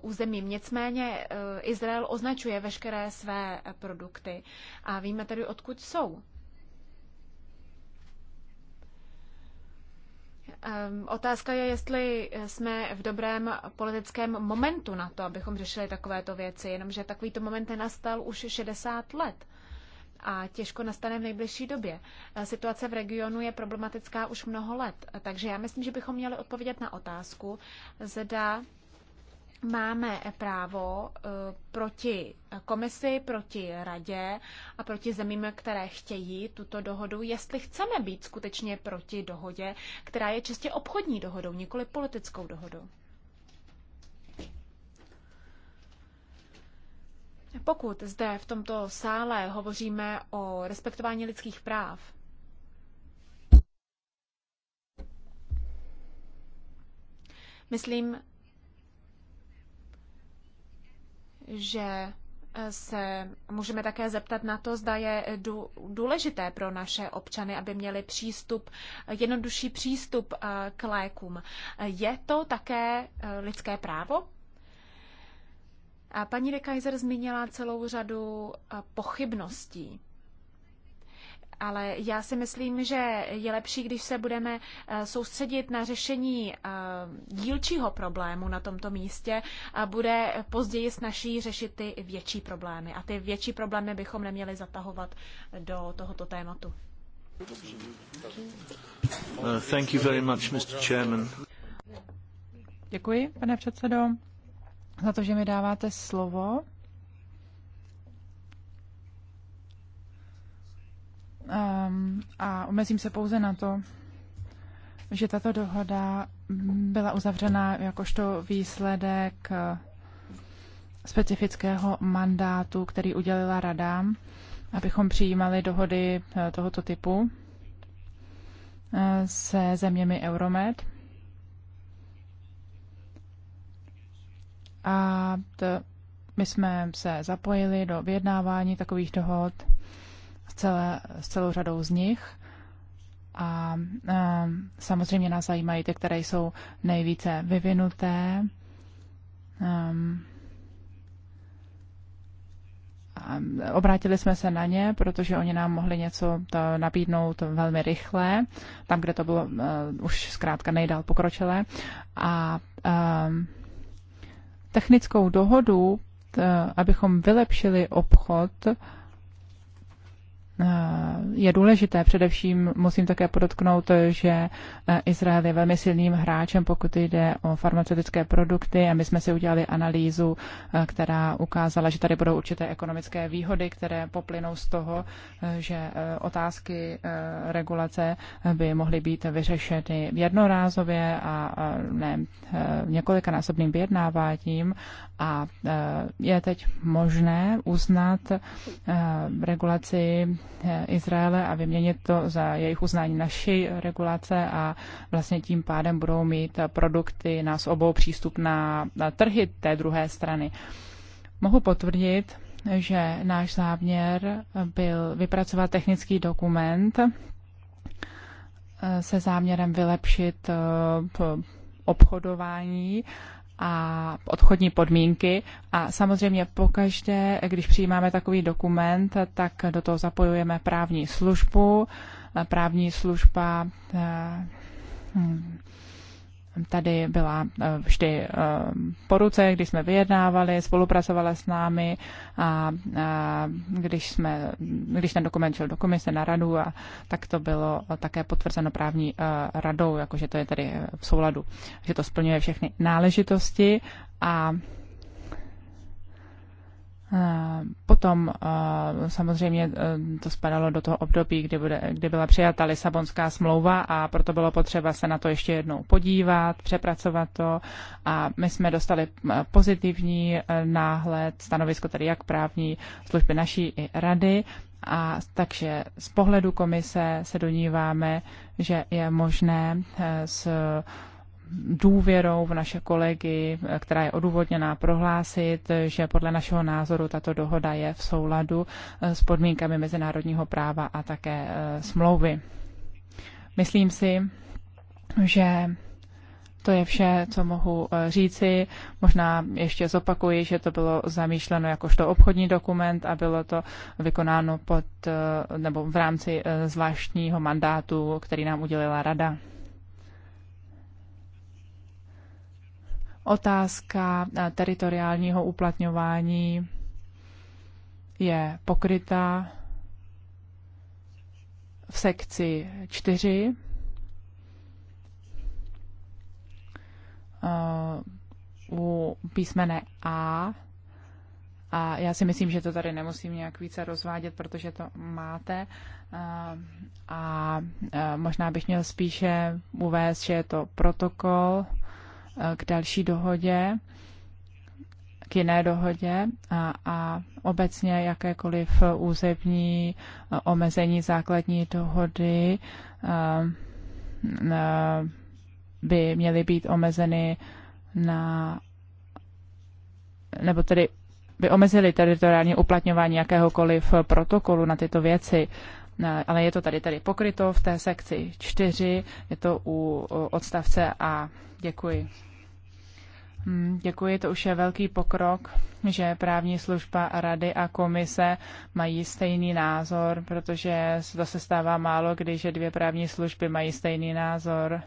územím. Nicméně e, Izrael označuje veškeré své produkty a víme tedy, odkud jsou. E, otázka je, jestli jsme v dobrém politickém momentu na to, abychom řešili takovéto věci, jenomže takovýto moment nenastal už 60 let a těžko nastane v nejbližší době. Eh, situace v regionu je problematická už mnoho let, takže já myslím, že bychom měli odpovědět na otázku, zda máme právo eh, proti komisi, proti radě a proti zemím, které chtějí tuto dohodu, jestli chceme být skutečně proti dohodě, která je čistě obchodní dohodou, nikoli politickou dohodou. Pokud zde v tomto sále hovoříme o respektování lidských práv, myslím, že se můžeme také zeptat na to, zda je důležité pro naše občany, aby měli přístup, jednodušší přístup k lékům. Je to také e, lidské právo? A paní de Kaiser zmínila celou řadu eh, pochybností. Ale já si myslím, že je lepší, když se budeme eh, soustředit na řešení eh, dílčího problému na tomto místě a bude později snaží řešit ty větší problémy. A ty větší problémy bychom neměli zatahovat do tohoto tématu. Uh, thank you very much, Mr. Chairman. Děkuji, pane předsedo za to, že mi dáváte slovo. Um, a omezím se pouze na to, že tato dohoda byla uzavřena jakožto výsledek eh, specifického mandátu, který udělila Rada, abychom přijímali dohody eh, tohoto typu eh, se zeměmi Euromed. a my jsme se zapojili do vyjednávání takových dohod s, celé, s celou řadou z nich. A e, samozřejmě nás zajímají ty, které jsou nejvíce vyvinuté. Ehm, a obrátili jsme se na ně, protože oni nám mohli něco to e, nabídnout velmi rychle, tam, kde to bylo uh, už zkrátka nejdál pokročilé. A um, technickou dohodu, abychom vylepšili obchod, Eh, je důležité. Především musím také podotknout, že eh, Izrael je velmi silným hráčem, pokud jde o farmaceutické produkty a my jsme si udělali analýzu, eh, která ukázala, že tady budou určité ekonomické výhody, které poplynou z toho, že otázky regulace by mohly být vyřešeny jednorázově a ne několikanásobným vyjednáváním a je teď možné uznat regulaci Eh, Izraele a vyměnit to za jejich uznání naší regulace a vlastně tím pádem budou mít produkty nás obou přístup na trhy té druhé strany. Mohu potvrdit, že náš záměr byl vypracovat technický dokument eh, se záměrem vylepšit eh, obchodování a odchodní podmínky. A samozřejmě pokaždé, když přijímáme takový dokument, tak do toho zapojujeme právní službu. Právní služba eh, hmm, tady byla eh, vždy eh, po ruce, když jsme vyjednávali, spolupracovala s námi a, eh, když, jsme, když ten dokument šel do komise na radu, a, tak to bylo také potvrzeno právní radou, jakože to je tedy v souladu, že to splňuje všechny náležitosti a Eh, potom eh, samozřejmě eh, to spadalo do toho období, kdy, bude, kdy byla přijata Lisabonská smlouva a proto bylo potřeba se na to ještě jednou podívat, přepracovat to a my jsme dostali pozitivní náhled, stanovisko tedy jak právní služby naší i rady a takže z pohledu komise se doníváme, že je možné s důvěrou v naše kolegy, která je odůvodněná prohlásit, že podle našeho názoru tato dohoda je v souladu eh, s podmínkami mezinárodního práva a také eh, smlouvy. Myslím si, že to je vše, co mohu eh, říci. Možná ještě zopakuji, že to bylo zamýšleno jakožto obchodní dokument a bylo to vykonáno pod, nebo v rámci zvláštního mandátu, který nám udělila Rada. Otázka eh, teritoriálního uplatňování je pokryta v sekci 4. Eh, u písmene A. A já si myslím, že to tady nemusím nějak více rozvádět, protože to máte. Eh, a, a možná bych měl spíše uvést, že je to protokol k další dohodě, k jiné dohodě a, a obecně jakékoliv územní eh, omezení základní dohody eh, eh, by měly být omezeny na nebo tedy by omezili teritoriální uplatňování jakéhokoliv protokolu na tyto věci. Ale je to tady tady pokryto v té sekci 4, je to u odstavce A. Děkuji. Hmm, děkuji, to už je velký pokrok, že právní služba rady a komise mají stejný názor, protože to se stává málo, když dvě právní služby mají stejný názor.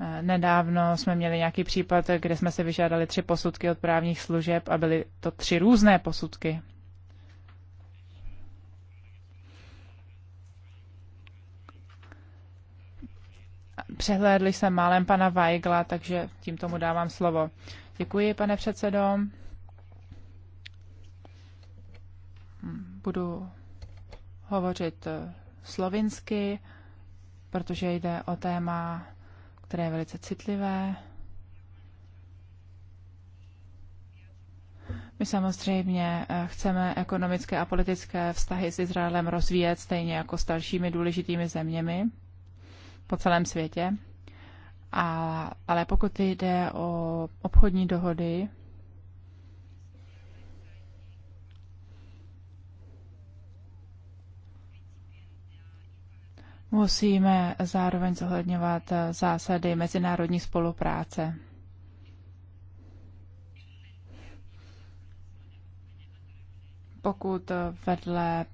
Eh, nedávno jsme měli nějaký případ, kde jsme si vyžádali tři posudky od právních služeb a byly to tři různé posudky. přehlédli jsem málem pana Weigla, takže tím tomu dávám slovo. Děkuji, pane předsedo. Budu hovořit eh, slovinsky, protože jde o téma, které je velice citlivé. My samozřejmě eh, chceme ekonomické a politické vztahy s Izraelem rozvíjet stejně jako s dalšími důležitými zeměmi po celém světě. A, ale pokud jde o obchodní dohody, musíme zároveň zohledňovat zásady mezinárodní spolupráce. Pokud vedle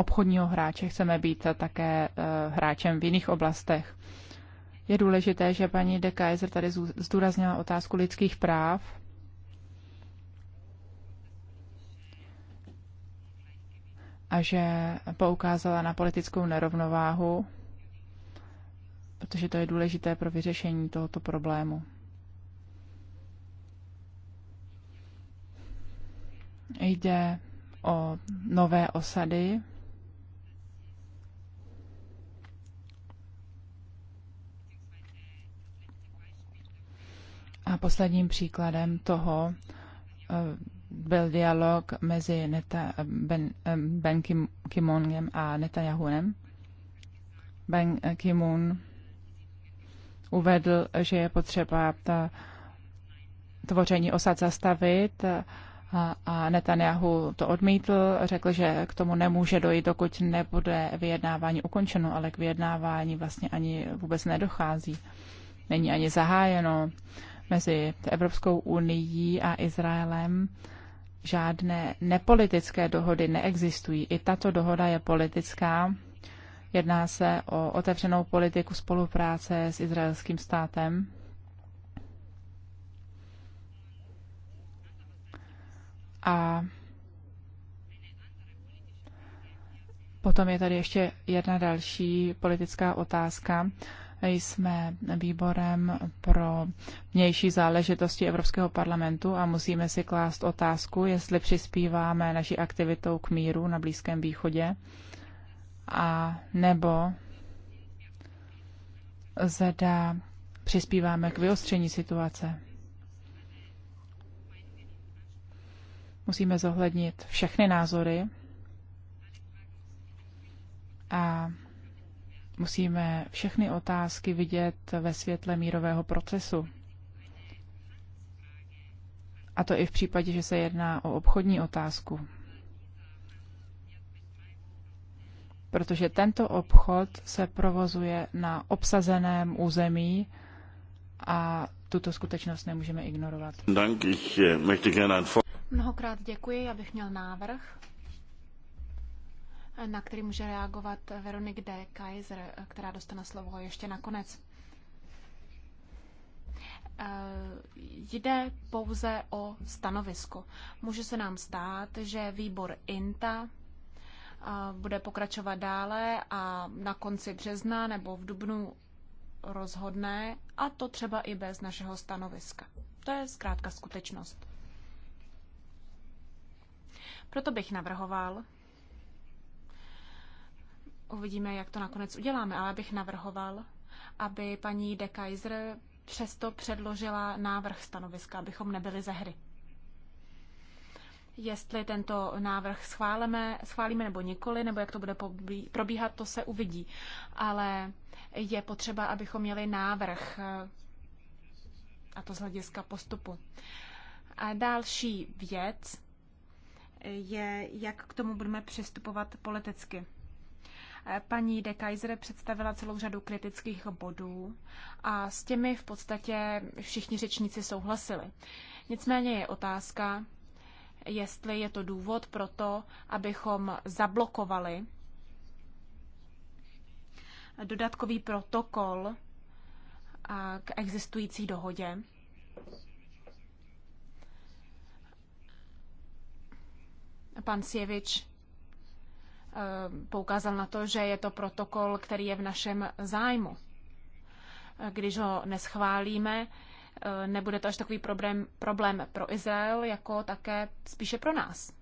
obchodního hráče, chceme být také eh, hráčem v jiných oblastech. Je důležité, že paní de Kaiser tady zdůraznila otázku lidských práv. A že poukázala na politickou nerovnováhu, protože to je důležité pro vyřešení tohoto problému. Jde o nové osady, A posledním příkladem toho eh, byl dialog mezi Neta, eh, Ben, eh, ben Kimongem a Netanyahunem. Ben Kimun uvedl, že je potřeba ta tvoření osad zastavit a, a Netanyahu to odmítl, řekl, že k tomu nemůže dojít, dokud nebude vyjednávání ukončeno, ale k vyjednávání vlastně ani vůbec nedochází. Není ani zahájeno mezi Evropskou unii a Izraelem žádné nepolitické dohody neexistují. I tato dohoda je politická. Jedná se o otevřenou politiku spolupráce s izraelským státem. A potom je tady ještě jedna další politická otázka jsme výborem pro vnější záležitosti Evropského parlamentu a musíme si klást otázku, jestli přispíváme naší aktivitou k míru na Blízkém východě a nebo zda přispíváme k vyostření situace. Musíme zohlednit všechny názory a Musíme všechny otázky vidět ve světle mírového procesu. A to i v případě, že se jedná o obchodní otázku. Protože tento obchod se provozuje na obsazeném území a tuto skutečnost nemůžeme ignorovat. Eh, Mnohokrát děkuji, abych měl návrh na který může reagovat Veronik D. Kaiser, která dostane slovo ještě nakonec. Eh, jde pouze o stanovisko. Může se nám stát, že výbor INTA eh, bude pokračovat dále a na konci března nebo v dubnu rozhodne, a to třeba i bez našeho stanoviska. To je zkrátka skutečnost. Proto bych navrhoval, Uvidíme, jak to nakonec uděláme, ale bych navrhoval, aby paní de Kaiser přesto předložila návrh stanoviska, abychom nebyli ze hry. Jestli tento návrh schválíme, schválíme nebo nikoli, nebo jak to bude probíhat, to se uvidí. Ale je potřeba, abychom měli návrh, a to z hlediska postupu. A další věc je, jak k tomu budeme přistupovat politicky. Eh, paní de Kaiser představila celou řadu kritických bodů a s těmi v podstatě všichni řečníci souhlasili. Nicméně je otázka, jestli je to důvod pro to, abychom zablokovali dodatkový protokol eh, k existující dohodě. Pan Sjevič Eh, poukázal na to, že je to protokol, který je v našem zájmu. Eh, když ho neschválíme, eh, nebude to až takový problém, problém pro Izrael, jako také spíše pro nás.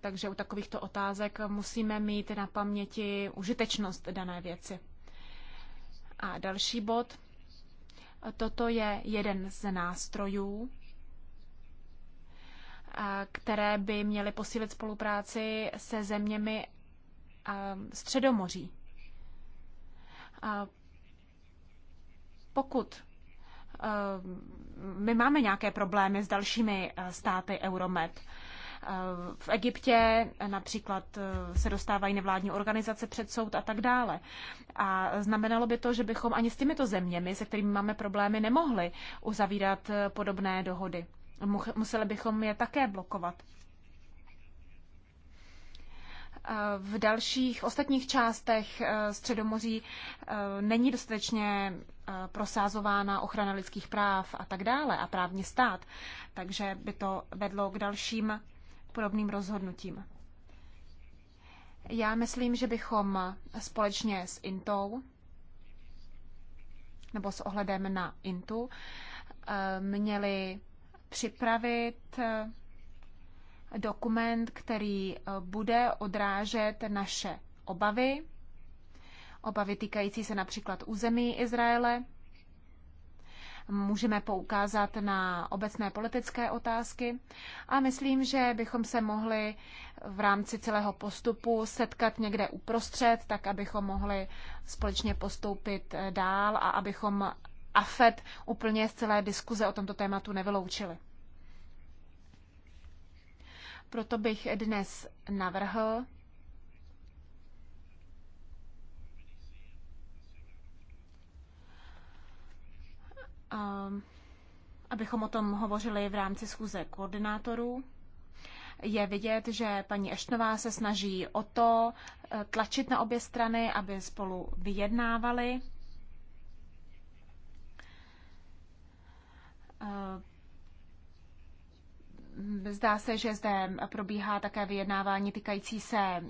Takže u takovýchto otázek musíme mít na paměti užitečnost dané věci. A další bod. Toto je jeden z nástrojů, které by měly posílit spolupráci se zeměmi Středomoří. Pokud my máme nějaké problémy s dalšími státy Euromed, v Egyptě například se dostávají nevládní organizace před soud a tak dále. A znamenalo by to, že bychom ani s těmito zeměmi, se kterými máme problémy, nemohli uzavírat podobné dohody museli bychom je také blokovat. Eh, v dalších ostatních částech eh, Středomoří eh, není dostatečně prosázována ochrana lidských práv a tak dále a právní stát, takže by to vedlo k dalším podobným rozhodnutím. Já myslím, že bychom společně s Intou nebo s ohledem na Intu měli připravit eh, dokument, který eh, bude odrážet naše obavy, obavy týkající se například území Izraele. Můžeme poukázat na obecné politické otázky a myslím, že bychom se mohli v rámci celého postupu setkat někde uprostřed, tak abychom mohli společně postoupit eh, dál a abychom FED úplně z celé diskuze o tomto tématu nevyloučili. Proto bych dnes navrhl, um, abychom o tom hovořili v rámci schůze koordinátorů. Je vidět, že paní Eštnová se snaží o to eh, tlačit na obě strany, aby spolu vyjednávali. Eh, zdá se, že zde probíhá také vyjednávání týkající se eh,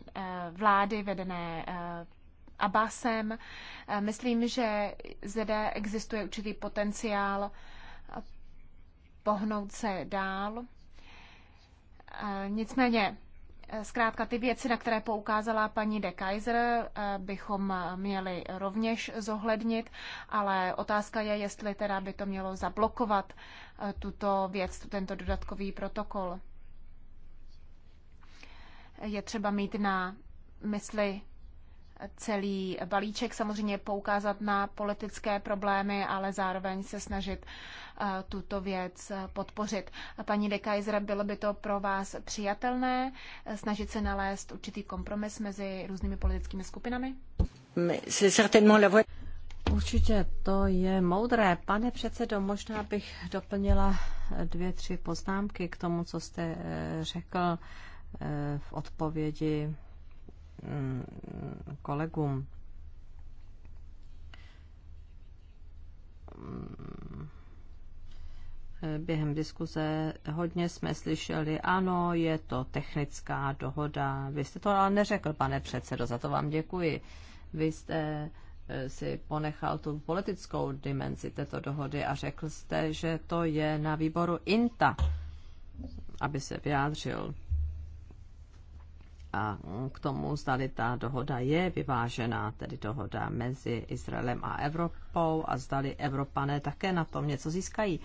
vlády vedené eh, Abbasem. Myslím, že zde existuje určitý potenciál pohnout se dál. Nicméně Zkrátka ty věci, na které poukázala paní de Kaiser, eh, bychom měli rovněž zohlednit, ale otázka je, jestli teda by to mělo zablokovat eh, tuto věc, tento dodatkový protokol. Je třeba mít na mysli celý balíček, samozřejmě poukázat na politické problémy, ale zároveň se snažit eh, tuto věc eh, podpořit. Paní de Kaiser, bylo by to pro vás přijatelné eh, snažit se nalézt určitý kompromis mezi různými politickými skupinami? Určitě to je moudré. Pane předsedo, možná bych doplnila dvě, tři poznámky k tomu, co jste řekl v odpovědi Eh, kolegům. Eh, během diskuze hodně jsme slyšeli, ano, je to technická dohoda. Vy jste to ale neřekl, pane předsedo, za to vám děkuji. Vy jste eh, si ponechal tu politickou dimenzi této dohody a řekl jste, že to je na výboru INTA, aby se vyjádřil a k tomu zdali ta dohoda je vyvážená, tedy dohoda mezi Izraelem a Evropou a zdali Evropané také na tom něco získají.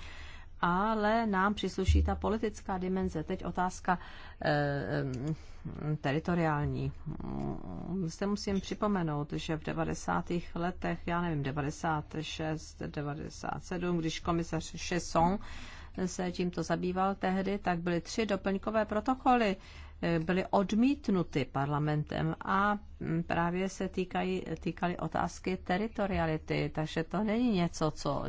Ale nám přisluší ta politická dimenze. Teď otázka eh, eh, teritoriální. Zde musím připomenout, že v 90. letech, já nevím, 96, 97, když komisař Chesson se tímto zabýval tehdy, tak byly tři doplňkové protokoly eh, byly odmítnuty parlamentem a mm, právě se týkají, týkaly otázky teritoriality, takže to není něco, co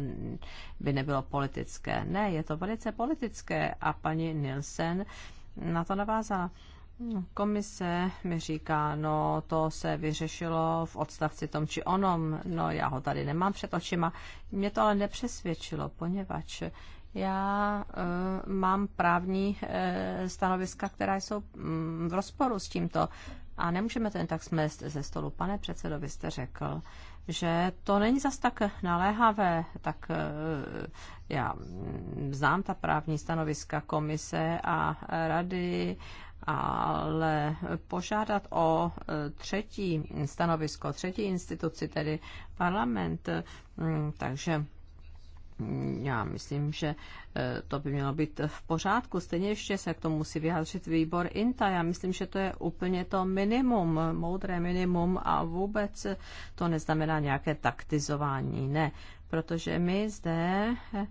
by nebylo politické. Ne, je to velice politické a paní Nielsen na to navázala. Komise mi říká, no to se vyřešilo v odstavci tom či onom, no já ho tady nemám před očima. Mě to ale nepřesvědčilo, poněvadž já uh, mám právní uh, stanoviska, která jsou um, v rozporu s tímto. A nemůžeme ten tak smést ze stolu. Pane předsedo, vy jste řekl, že to není zas tak naléhavé, tak eh, já mm, znám ta právní stanoviska komise a rady, ale požádat o třetí stanovisko, třetí instituci, tedy parlament, mm, takže já myslím, že eh, to by mělo být v pořádku. Stejně ještě se k tomu musí vyjádřit výbor INTA. Já myslím, že to je úplně to minimum, moudré minimum a vůbec to neznamená nějaké taktizování. Ne, protože my zde eh,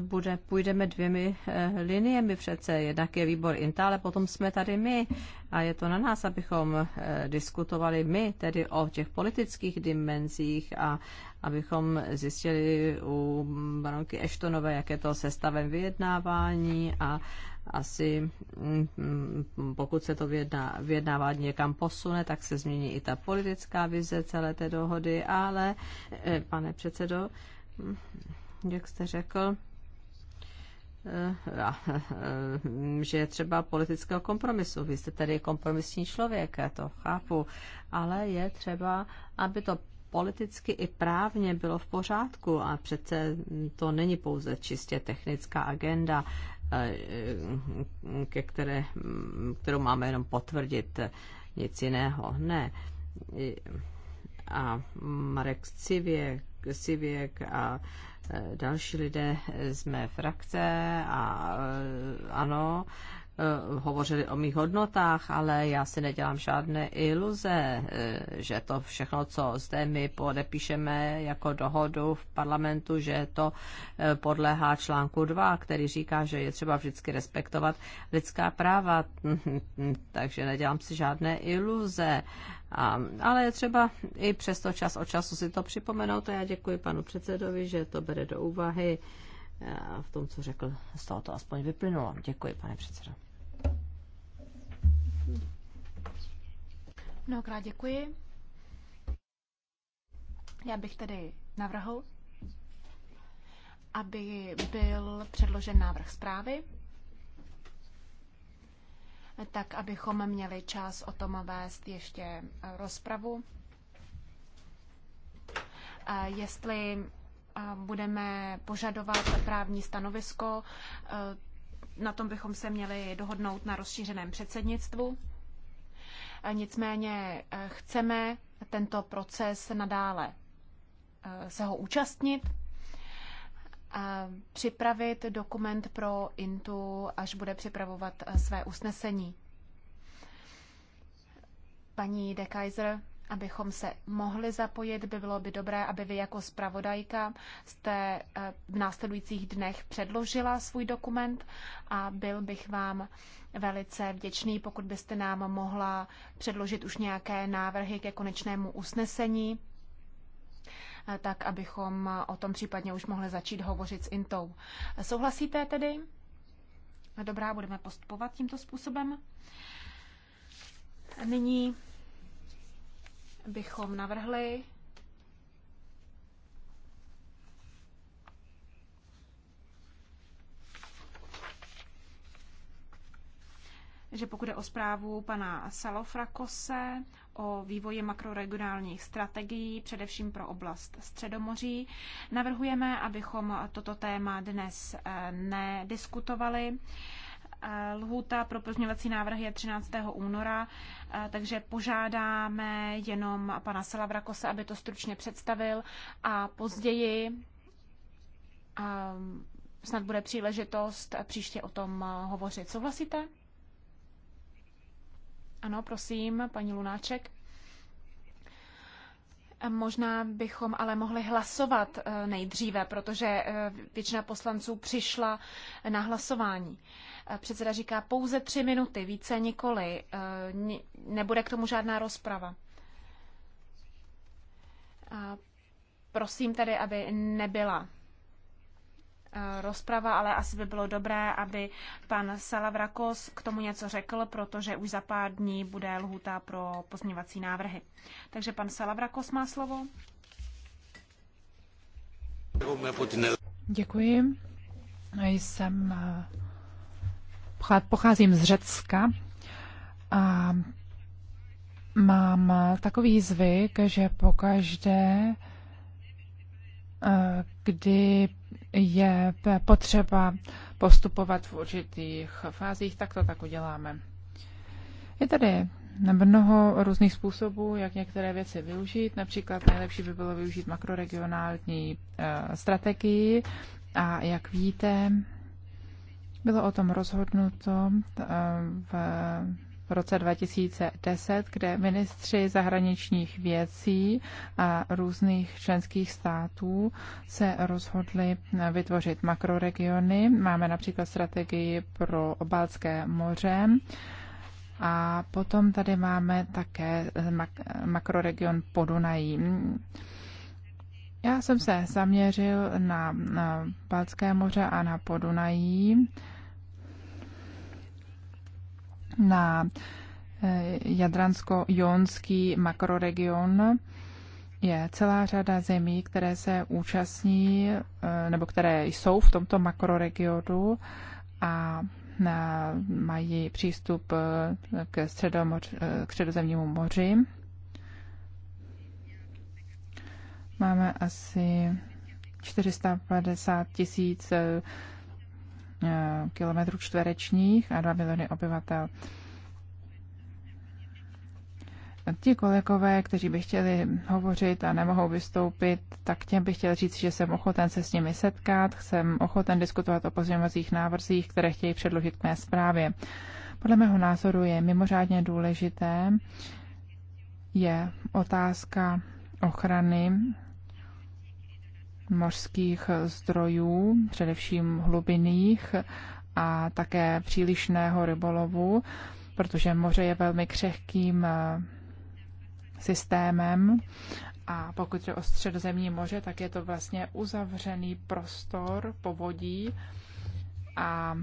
bude, půjdeme dvěmi eh, liniemi přece. Jednak je výbor INTA, ale potom jsme tady my a je to na nás, abychom eh, diskutovali my, tedy o těch politických dimenzích a abychom zjistili u baronky Eštonové, jak je to stavem vyjednávání a asi mm, pokud se to vyjedná, vyjednávání někam posune, tak se změní i ta politická vize celé té dohody, ale eh, pane předsedo, hm, jak jste řekl, eh, eh, že je třeba politického kompromisu. Vy jste tedy kompromisní člověk, já to chápu, ale je třeba, aby to politicky i právně bylo v pořádku a přece to není pouze čistě technická agenda. E, ke které, kterou máme jenom potvrdit, e, nic jiného. Ne. E, a Marek Civěk, Civěk a další lidé jsme frakce a ano, Eh, hovořili o mých hodnotách, ale já si nedělám žádné iluze, eh, že to všechno, co zde my podepíšeme jako dohodu v parlamentu, že to eh, podléhá článku 2, který říká, že je třeba vždycky respektovat lidská práva. <laughs> Takže nedělám si žádné iluze. A, ale je třeba i přesto čas od času si to připomenout a já děkuji panu předsedovi, že to bere do úvahy. Eh, v tom, co řekl, z toho to aspoň vyplynulo. Děkuji, pane předsedo. Mnohokrát děkuji. Já bych tedy navrhl, aby byl předložen návrh zprávy, tak abychom měli čas o tom vést ještě rozpravu. A eh, jestli budeme požadovat právní stanovisko. Eh, na tom bychom se měli dohodnout na rozšířeném předsednictvu. Eh, nicméně eh, chceme tento proces nadále se ho účastnit, a připravit dokument pro Intu, až bude připravovat své usnesení. Paní de Kaiser abychom se mohli zapojit, by bylo by dobré, aby vy jako zpravodajka jste eh, v následujících dnech předložila svůj dokument a byl bych vám velice vděčný, pokud byste nám mohla předložit už nějaké návrhy ke konečnému usnesení, eh, tak abychom o tom případně už mohli začít hovořit s Intou. Souhlasíte tedy? Dobrá, budeme postupovat tímto způsobem. Nyní bychom navrhli že pokud je o zprávu pana Salofrakose o vývoji makroregionálních strategií, především pro oblast Středomoří, navrhujeme, abychom toto téma dnes eh, nediskutovali. Lhůta pro pozměňovací návrh je 13. února, takže požádáme jenom pana Salavrakose, aby to stručně představil a později snad bude příležitost příště o tom hovořit. Souhlasíte? Ano, prosím, paní Lunáček. Možná bychom ale mohli hlasovat eh, nejdříve, protože eh, většina poslanců přišla eh, na hlasování. Předseda říká pouze tři minuty, více nikoli. Nebude k tomu žádná rozprava. Prosím tedy, aby nebyla Eh, rozprava, ale asi by bylo dobré, aby pan Salavrakos k tomu něco řekl, protože už za pár dní bude lhůta pro pozměňovací návrhy. Takže pan Salavrakos má slovo. Děkuji. Jsem, eh, pocházím z Řecka a mám eh, takový zvyk, že pokaždé, kdy je potřeba postupovat v určitých fázích, tak to tak uděláme. Je tady mnoho různých způsobů, jak některé věci využít. Například nejlepší by bylo využít makroregionální eh, strategii a jak víte, bylo o tom rozhodnuto eh, v v roce 2010, kde ministři zahraničních věcí a různých členských států se rozhodli vytvořit makroregiony. Máme například strategii pro Obalské moře. A potom tady máme také mak- makroregion Podunají. Já jsem se zaměřil na, na Balcké moře a na Podunají na eh, Jadransko-Jonský makroregion je celá řada zemí, které se účastní eh, nebo které jsou v tomto makroregionu a eh, mají přístup k, středomoř, k středozemnímu moři. Máme asi 450 tisíc Eh, kilometrů čtverečních a 2 miliony obyvatel. Ti kolegové, kteří by chtěli hovořit a nemohou vystoupit, tak těm bych chtěl říct, že jsem ochoten se s nimi setkat, jsem ochoten diskutovat o pozměňovacích návrzích, které chtějí předložit k mé zprávě. Podle mého názoru je mimořádně důležité, je otázka ochrany mořských zdrojů, především hlubinných a také přílišného rybolovu, protože moře je velmi křehkým eh, systémem a pokud je o středozemní moře, tak je to vlastně uzavřený prostor povodí a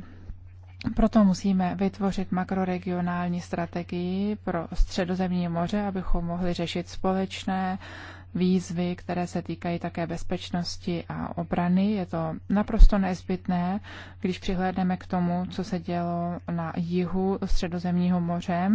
proto musíme vytvořit makroregionální strategii pro středozemní moře, abychom mohli řešit společné výzvy, které se týkají také bezpečnosti a obrany. Je to naprosto nezbytné, když přihlédneme k tomu, co se dělo na jihu Středozemního moře.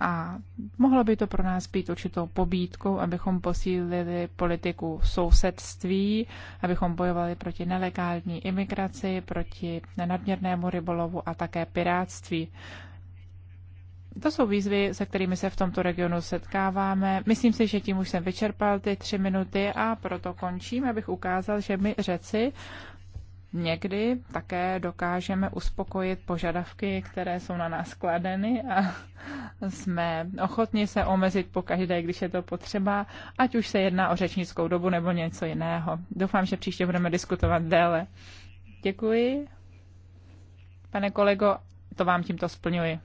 A mohlo by to pro nás být určitou pobídkou, abychom posílili politiku sousedství, abychom bojovali proti nelegální imigraci, proti nadměrnému rybolovu a také piráctví. To jsou výzvy, se kterými se v tomto regionu setkáváme. Myslím si, že tím už jsem vyčerpal ty tři minuty a proto končím, abych ukázal, že my řeci někdy také dokážeme uspokojit požadavky, které jsou na nás kladeny a jsme ochotni se omezit po každé, když je to potřeba, ať už se jedná o řečnickou dobu nebo něco jiného. Doufám, že příště budeme diskutovat déle. Děkuji. Pane kolego, to vám tímto splňuji.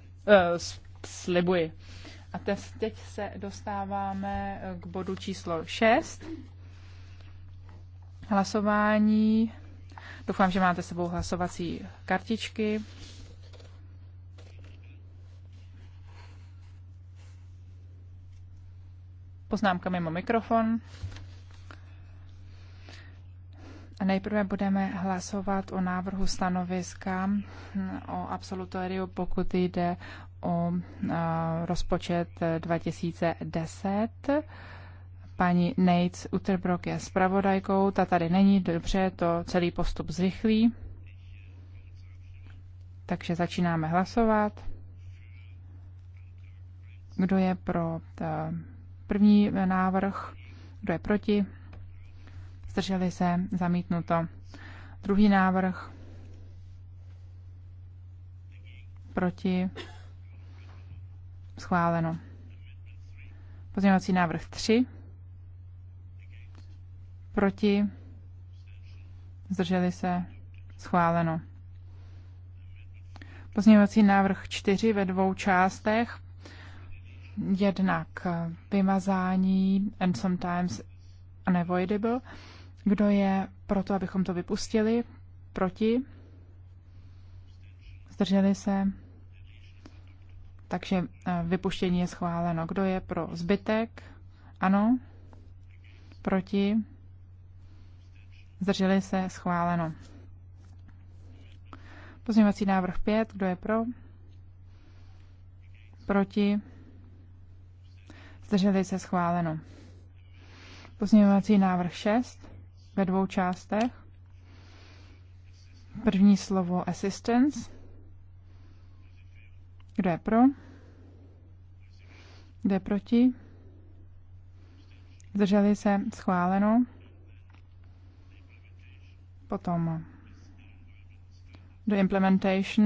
Uh, slibuji. A teď se dostáváme eh, k bodu číslo 6. Hlasování. Doufám, že máte sebou hlasovací kartičky. Poznámka mimo mikrofon. A nejprve budeme hlasovat o návrhu stanoviska hm, o absolutoriu, pokud jde o rozpočet 2010. E, Paní Nates Utterbrock je zpravodajkou, ta tady není, dobře, to celý postup zrychlí. Takže začínáme hlasovat. Kdo je pro e, první návrh? Kdo je proti? Zdrželi se? Zamítnuto. Druhý návrh? Proti? Schváleno. Pozměňovací návrh 3. Proti. Zdrželi se. Schváleno. Pozměňovací návrh 4 ve dvou částech. Jednak vymazání and sometimes unavoidable. Kdo je pro to, abychom to vypustili? Proti? Zdrželi se? Takže eh, vypuštění je schváleno. Kdo je pro zbytek? Ano. Proti? Zdrželi se? Schváleno. Pozměňovací návrh 5. Kdo je pro? Proti? Zdrželi se? Schváleno. Pozměňovací návrh 6 ve dvou částech. První slovo assistance kdo je pro? Kdo je proti? Zdrželi se schváleno. Potom do implementation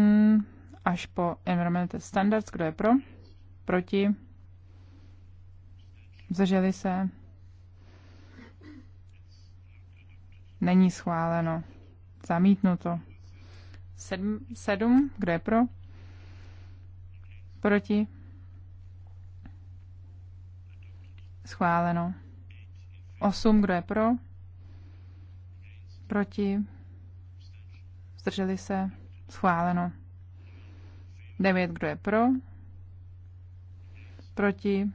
až po environmental standards. Kdo je pro? Proti? Zdrželi se? Není schváleno. Zamítnuto. Sedm, sedm. Kdo je pro? Proti? Schváleno. 8, kdo je pro? Proti? Zdrželi se? Schváleno. 9, kdo je pro? Proti?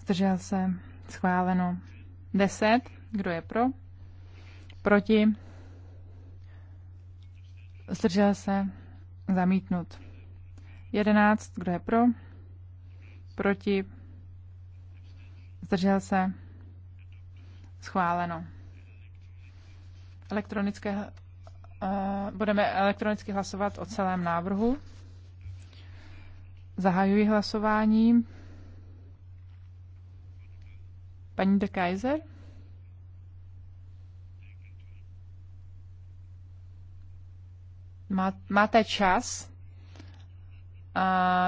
Zdržel se? Schváleno. 10, kdo je pro? Proti? Zdržel se? Zamítnut. 11, kdo je pro? Proti? Zdržel se? Schváleno. Elektronické, uh, budeme elektronicky hlasovat o celém návrhu. Zahajuji hlasování. Paní de Kaiser? máte čas?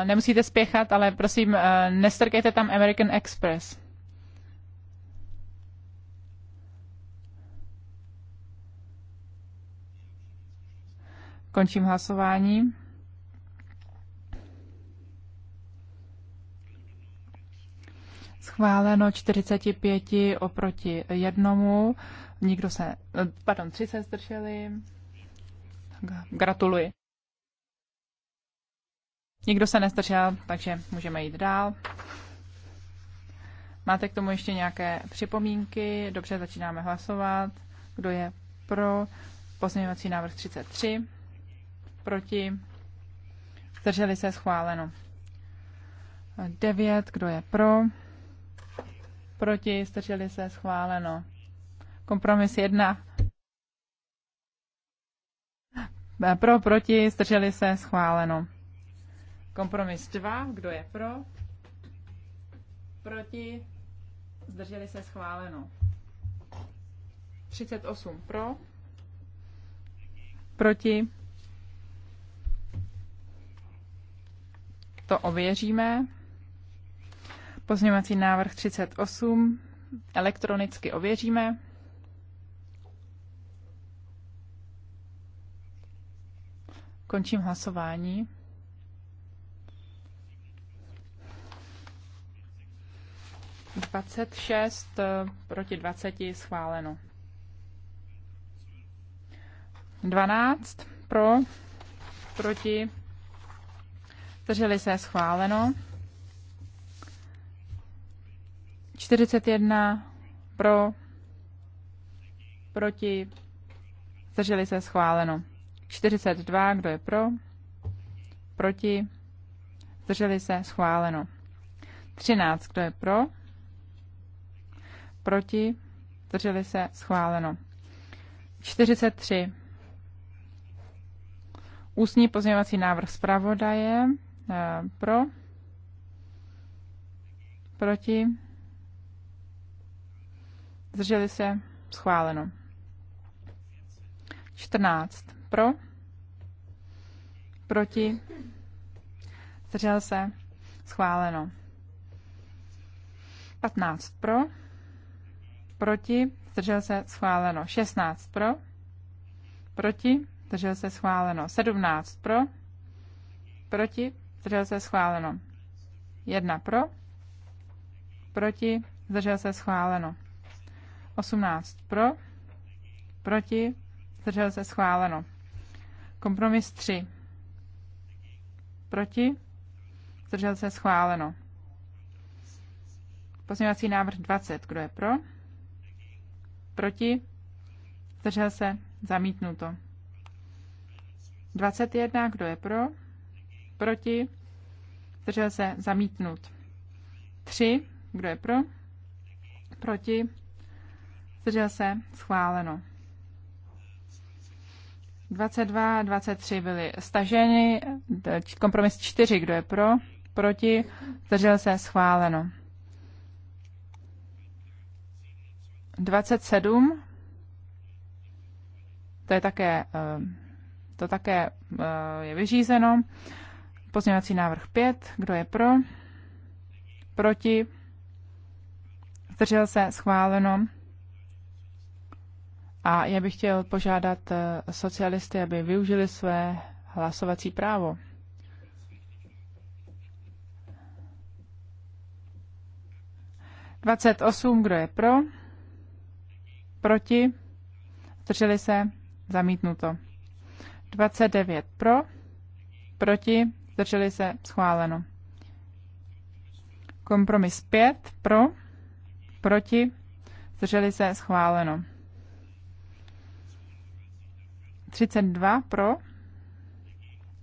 nemusíte spěchat, ale prosím, eh, nestrkejte tam American Express. Končím hlasování. Schváleno 45 oproti jednomu. Nikdo se, eh, pardon, tři se zdrželi. Gratuluji. Nikdo se nestržel, takže můžeme jít dál. Máte k tomu ještě nějaké připomínky? Dobře, začínáme hlasovat. Kdo je pro? Pozměňovací návrh 33. Proti? Zdrželi se schváleno. 9. Kdo je pro? Proti? Zdrželi se schváleno. Kompromis 1. Pro, proti, zdrželi se, schváleno. Kompromis 2, kdo je pro? Proti? Zdrželi se schváleno. 38 pro? Proti? To ověříme. Pozměňovací návrh 38 elektronicky ověříme. Končím hlasování. 26 eh, proti 20 schváleno. 12 pro, proti, zdrželi se schváleno. 41 pro, proti, zdrželi se schváleno. 42, kdo je pro, proti, zdrželi se schváleno. 13, kdo je pro, proti, zdrželi se, schváleno. 43. Ústní pozměňovací návrh zpravodaje eh, pro, proti, zdrželi se, schváleno. 14. Pro, proti, zdržel se, schváleno. 15 pro, proti, zdržel se schváleno 16 pro, proti, zdržel se schváleno 17 pro, proti, zdržel se schváleno 1 pro, proti, zdržel se schváleno 18 pro, proti, zdržel se schváleno. Kompromis 3 proti, zdržel se schváleno. Pozměňovací návrh 20, kdo je pro? Proti? Zdržel se? Zamítnuto. 21. Kdo je pro? Proti? Zdržel se? Zamítnut. 3. Kdo je pro? Proti? Zdržel se? Schváleno. 22 a 23 byly staženy. Kompromis 4. Kdo je pro? Proti? Zdržel se? Schváleno. 27, to je také, eh, to také eh, je vyřízeno. Pozměňovací návrh 5, kdo je pro? Proti? Zdržel se, schváleno. A já bych chtěl požádat eh, socialisty, aby využili své hlasovací právo. Dvacet osm, kdo je pro? proti, zdrželi se, zamítnuto. 29 pro, proti, zdrželi se, schváleno. Kompromis 5 pro, proti, zdrželi se, schváleno. 32 pro,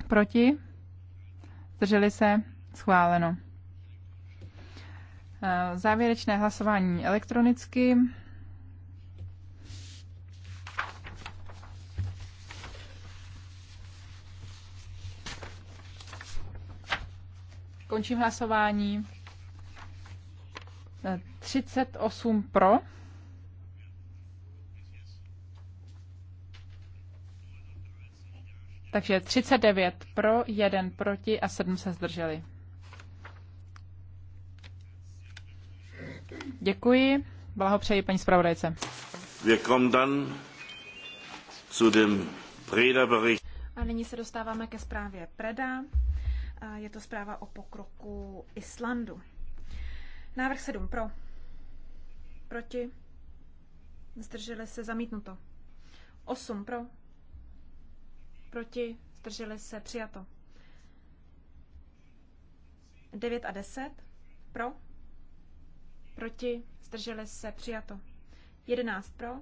proti, zdrželi se, schváleno. Eh, závěrečné hlasování elektronicky. Končím hlasování. 38 e, pro. Takže 39 pro, 1 proti a 7 se zdrželi. Děkuji. Blahopřeji paní zpravodajce. A nyní se dostáváme ke zprávě Preda. Je to zpráva o pokroku Islandu. Návrh 7 pro. Proti. Zdrželi se zamítnuto. 8 pro. Proti. Zdrželi se přijato. 9 a 10 pro. Proti. Zdrželi se přijato. 11 pro.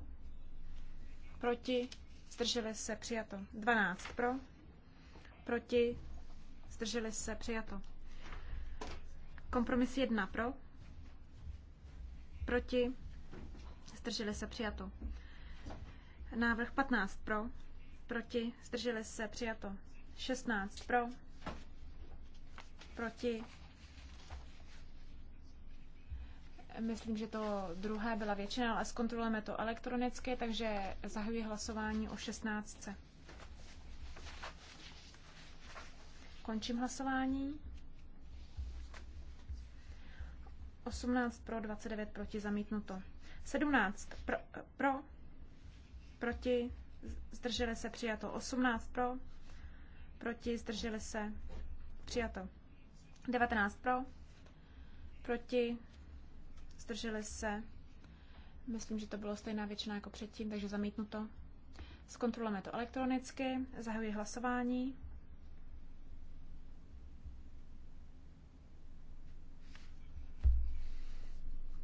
Proti. Zdrželi se přijato. 12 pro. Proti zdrželi se, přijato. Kompromis 1 pro, proti, zdrželi se, přijato. Návrh 15 pro, proti, zdrželi se, přijato. 16 pro, proti. Myslím, že to druhé byla většina, ale zkontrolujeme to elektronicky, takže zahajuji hlasování o 16. Končím hlasování. 18 pro, 29 proti, zamítnuto. 17 pro, pro proti, zdrželi se, přijato. 18 pro, proti, zdrželi se, přijato. 19 pro, proti, zdrželi se. Myslím, že to bylo stejná většina jako předtím, takže zamítnuto. Zkontrolujeme to elektronicky, zahajuji hlasování.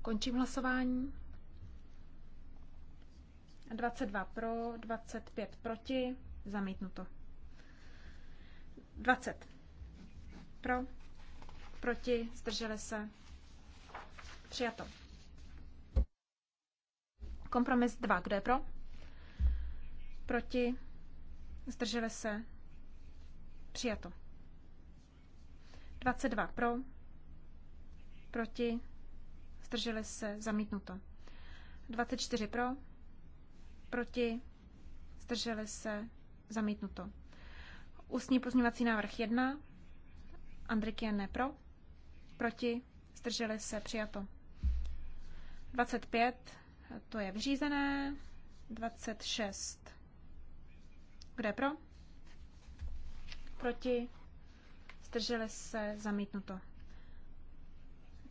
Končím hlasování. 22 pro, 25 proti, zamítnuto. 20 pro, proti, zdrželi se, přijato. Kompromis 2, kdo je pro? Proti, zdrželi se, přijato. 22 pro, proti, zdrželi se, zamítnuto. 24 pro, proti, zdrželi se, zamítnuto. Ústní pozměňovací návrh 1, Andrik je ne pro, proti, zdrželi se, přijato. 25, to je vyřízené, 26, kde pro, proti, zdrželi se, zamítnuto.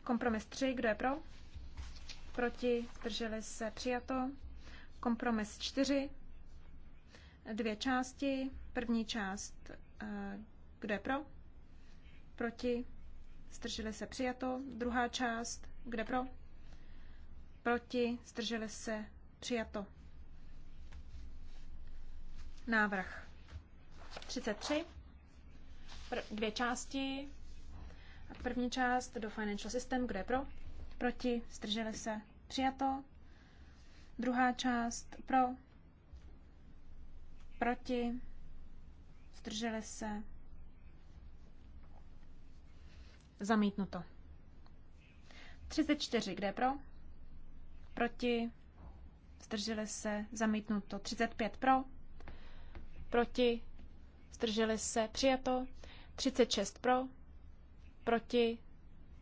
Kompromis 3, kdo je pro? Proti, zdrželi se, přijato. Kompromis 4, dvě části. První část, eh, kdo je pro? Proti, zdrželi se, přijato. Druhá část, kde pro? Proti, zdrželi se, přijato. Návrh 33. dvě části. První část do Financial System, kdo je pro? Proti, zdrželi se, přijato. Druhá část pro, proti, zdrželi se, zamítnuto. 34, kde je pro? Proti, zdrželi se, zamítnuto. 35 pro, proti, zdrželi se, přijato. 36 pro, proti,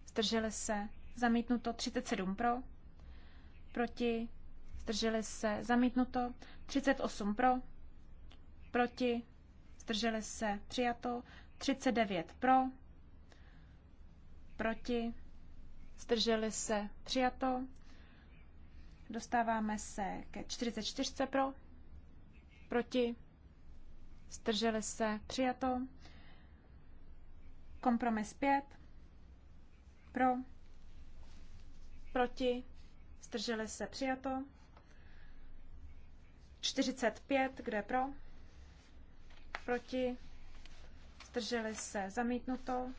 zdrželi se, zamítnuto 37 pro, proti, zdrželi se, zamítnuto 38 pro, proti, zdrželi se, přijato 39 pro, proti, zdrželi se, přijato. Dostáváme se ke 44 pro, proti, zdrželi se, přijato. Kompromis 5 pro. Proti. Zdrželi se přijato. 45, kde pro? Proti. Zdrželi se zamítnuto.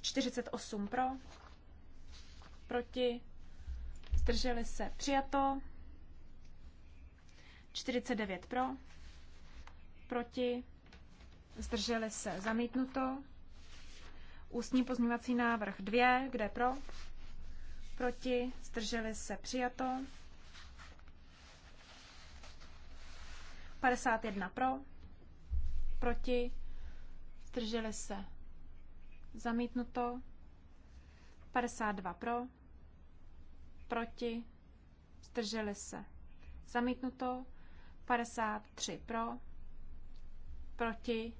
48 pro. Proti. Zdrželi se přijato. 49 pro. Proti. Zdrželi se zamítnuto. Ústní pozměňovací návrh 2, kde pro? Proti, zdrželi se, přijato. 51 pro, proti, zdrželi se, zamítnuto. 52 pro, proti, zdrželi se, zamítnuto. 53 pro, proti,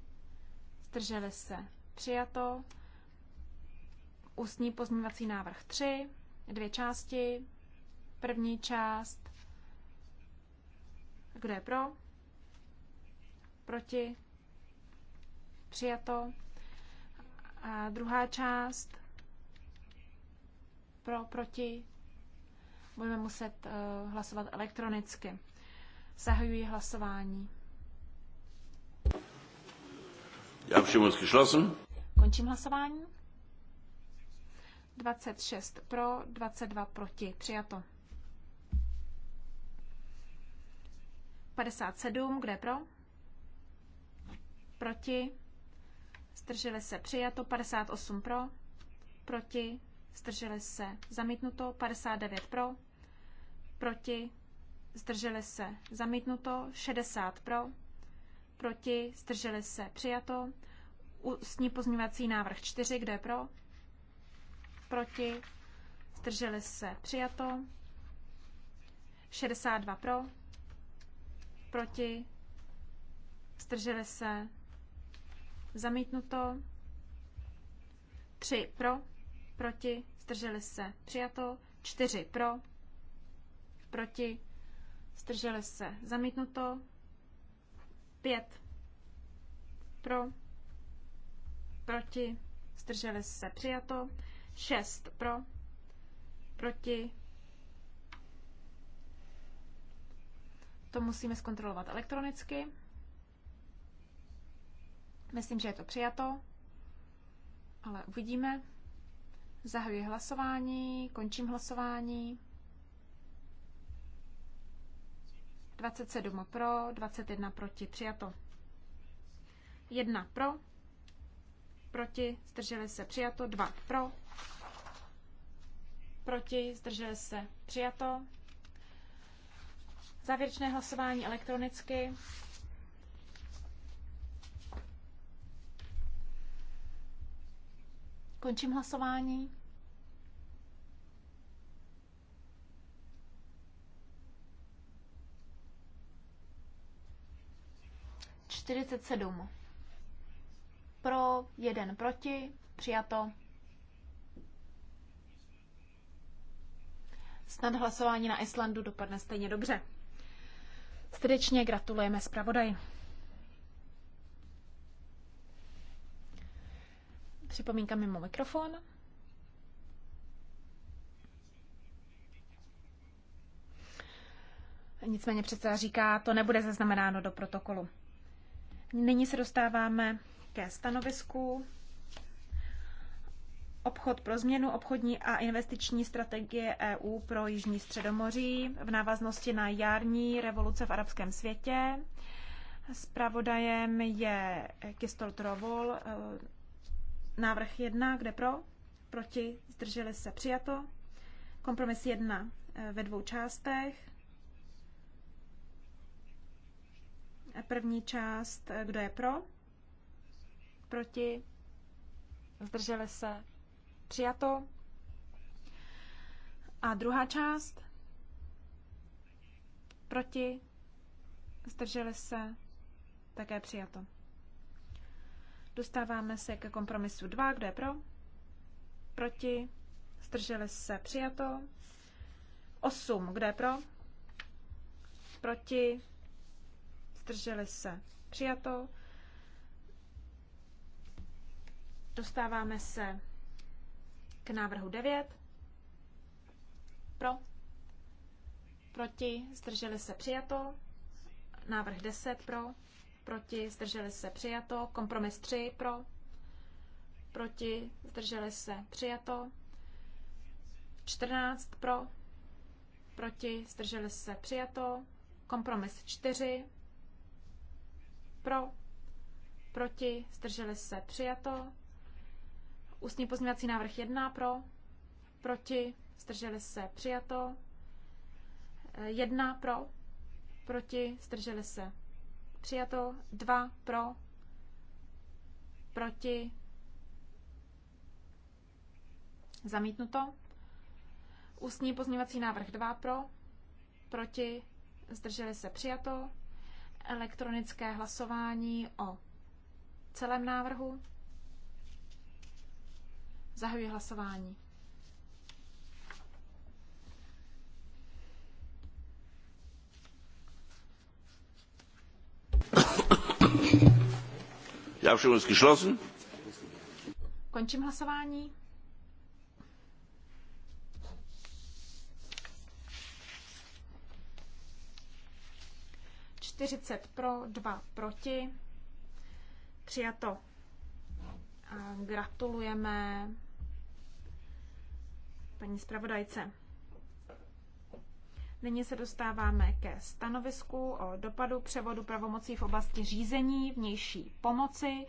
zdrželi se, přijato ústní pozměňovací návrh 3, dvě části. První část, kdo je pro, proti, přijato. A druhá část, pro, proti, budeme muset uh, hlasovat elektronicky. Zahajuji hlasování. Já všem geschlossen. Končím hlasování. 26 pro, 22 proti. Přijato. 57, kde pro? Proti. Zdrželi se přijato. 58 pro. Proti. Zdrželi se zamítnuto. 59 pro. Proti. Zdrželi se zamítnuto. 60 pro. Proti. Zdrželi se přijato. Ústní pozměňovací návrh 4, kde pro? proti, zdrželi se přijato, 62 pro, proti, zdrželi se zamítnuto, 3 pro, proti, zdrželi se přijato, 4 pro, proti, zdrželi se zamítnuto, 5 pro, proti, zdrželi se přijato, 6 pro, proti. To musíme zkontrolovat elektronicky. Myslím, že je to přijato, ale uvidíme. Zahajuji hlasování, končím hlasování. 27 pro, 21 proti, přijato. 1 pro, proti, zdrželi se, přijato, 2 pro, proti, zdrželi se, přijato. Závěrečné hlasování elektronicky. Končím hlasování. Čtyřicet sedm pro, jeden proti, přijato. Snad hlasování na Islandu dopadne stejně dobře. Srdečně gratulujeme zpravodaji. Připomínka mimo mikrofon. Nicméně předseda říká, to nebude zaznamenáno do protokolu. Nyní se dostáváme ke stanovisku Obchod pro změnu obchodní a investiční strategie EU pro Jižní středomoří v návaznosti na jarní revoluce v arabském světě. Spravodajem je Kistol Trovol. Návrh 1, kde pro? Proti, zdrželi se, přijato. Kompromis 1 eh, ve dvou částech. První část, eh, kdo je pro? Proti? Zdrželi se? Přijato. A druhá část? Proti? Zdrželi se? Také přijato. Dostáváme se ke kompromisu 2. Kdo je pro? Proti? Zdrželi se? Přijato. 8. Kdo je pro? Proti? Zdrželi se? Přijato. Dostáváme se k návrhu 9. Pro. Proti. Zdrželi se přijato. Návrh 10 pro. Proti. Zdrželi se přijato. Kompromis 3 pro. Proti. Zdrželi se přijato. 14 pro. Proti. Zdrželi se přijato. Kompromis 4 pro. Proti. Zdrželi se přijato. Ústní pozměňovací návrh 1 pro, proti, zdrželi se, přijato. 1 eh, pro, proti, zdrželi se, přijato. 2 pro, proti, zamítnuto. Ústní pozměňovací návrh 2 pro, proti, zdrželi se, přijato. Elektronické hlasování o celém návrhu. Zahajuji hlasování. Die Abstimmung ist geschlossen. Končím hlasování. Čtyřicet pro, dva proti. Přijato. Gratulujeme paní zpravodajce. Nyní se dostáváme ke stanovisku o dopadu převodu pravomocí v oblasti řízení vnější pomoci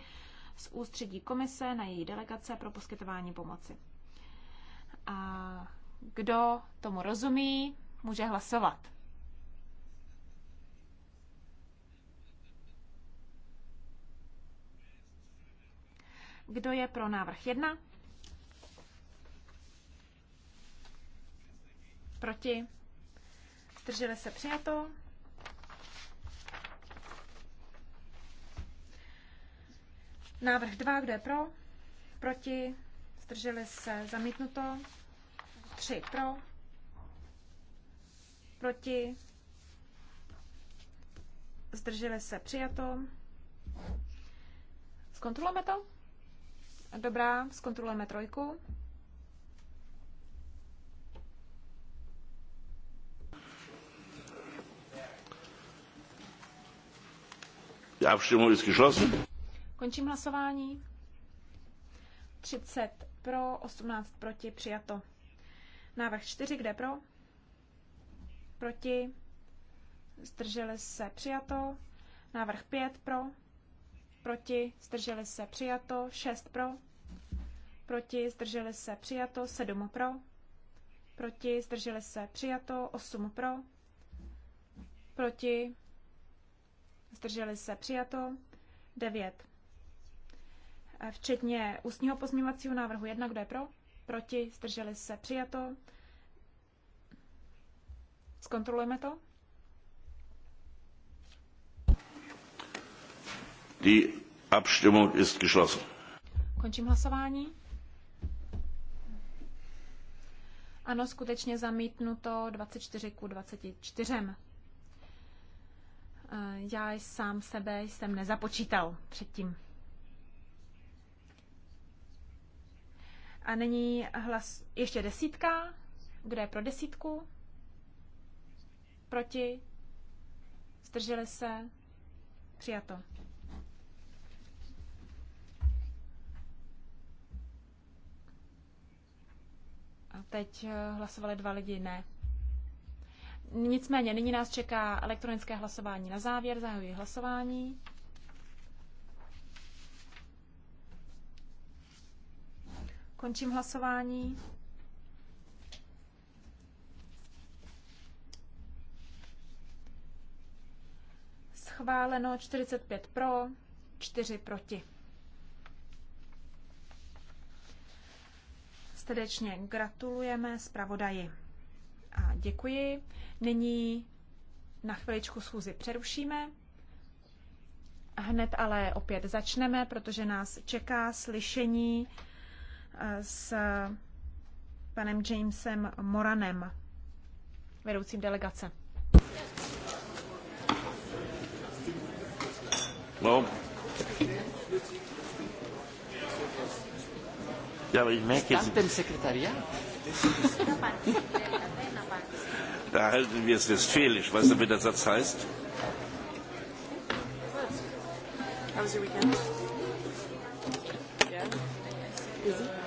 z ústředí komise na její delegace pro poskytování pomoci. A kdo tomu rozumí, může hlasovat. Kdo je pro návrh 1? Proti? Zdrželi se přijato. Návrh 2, kdo je pro? Proti? Zdrželi se zamítnuto. 3 pro. Proti? Zdrželi se přijato. Zkontrolujeme to? Dobrá, zkontrolujeme trojku. Die Abstimmung vždycky geschlossen. Končím hlasování. 30 pro, 18 proti, přijato. Návrh 4, kde pro? Proti. Zdrželi se, přijato. Návrh 5 pro. Proti, zdrželi se, přijato. 6 pro. Proti, zdrželi se, přijato. 7 pro. Proti, zdrželi se, přijato. 8 pro. Proti, zdrželi se přijato, 9. Eh, včetně ústního pozměňovacího návrhu 1, kdo je pro, proti, zdrželi se přijato. Zkontrolujeme to. Die Abstimmung ist geschlossen. Končím hlasování. Ano, skutečně zamítnuto 24 ku 24. Eh, já sám sebe jsem nezapočítal předtím. A není hlas ještě desítka. Kdo je pro desítku? Proti? Zdrželi se? Přijato. A teď eh, hlasovali dva lidi ne. Nicméně nyní nás čeká elektronické hlasování na závěr. Zahajuji hlasování. Končím hlasování. Schváleno 45 pro, 4 proti. Srdečně gratulujeme zpravodaji. A děkuji. Nyní na chviličku schůzi přerušíme. Hned ale opět začneme, protože nás čeká slyšení eh, s panem Jamesem Moranem, vedoucím delegace. No. já bych měl. merke jetzt da halten wir es westfälisch. Weißt du, wie der Satz heißt? How was your weekend? Yeah. Busy?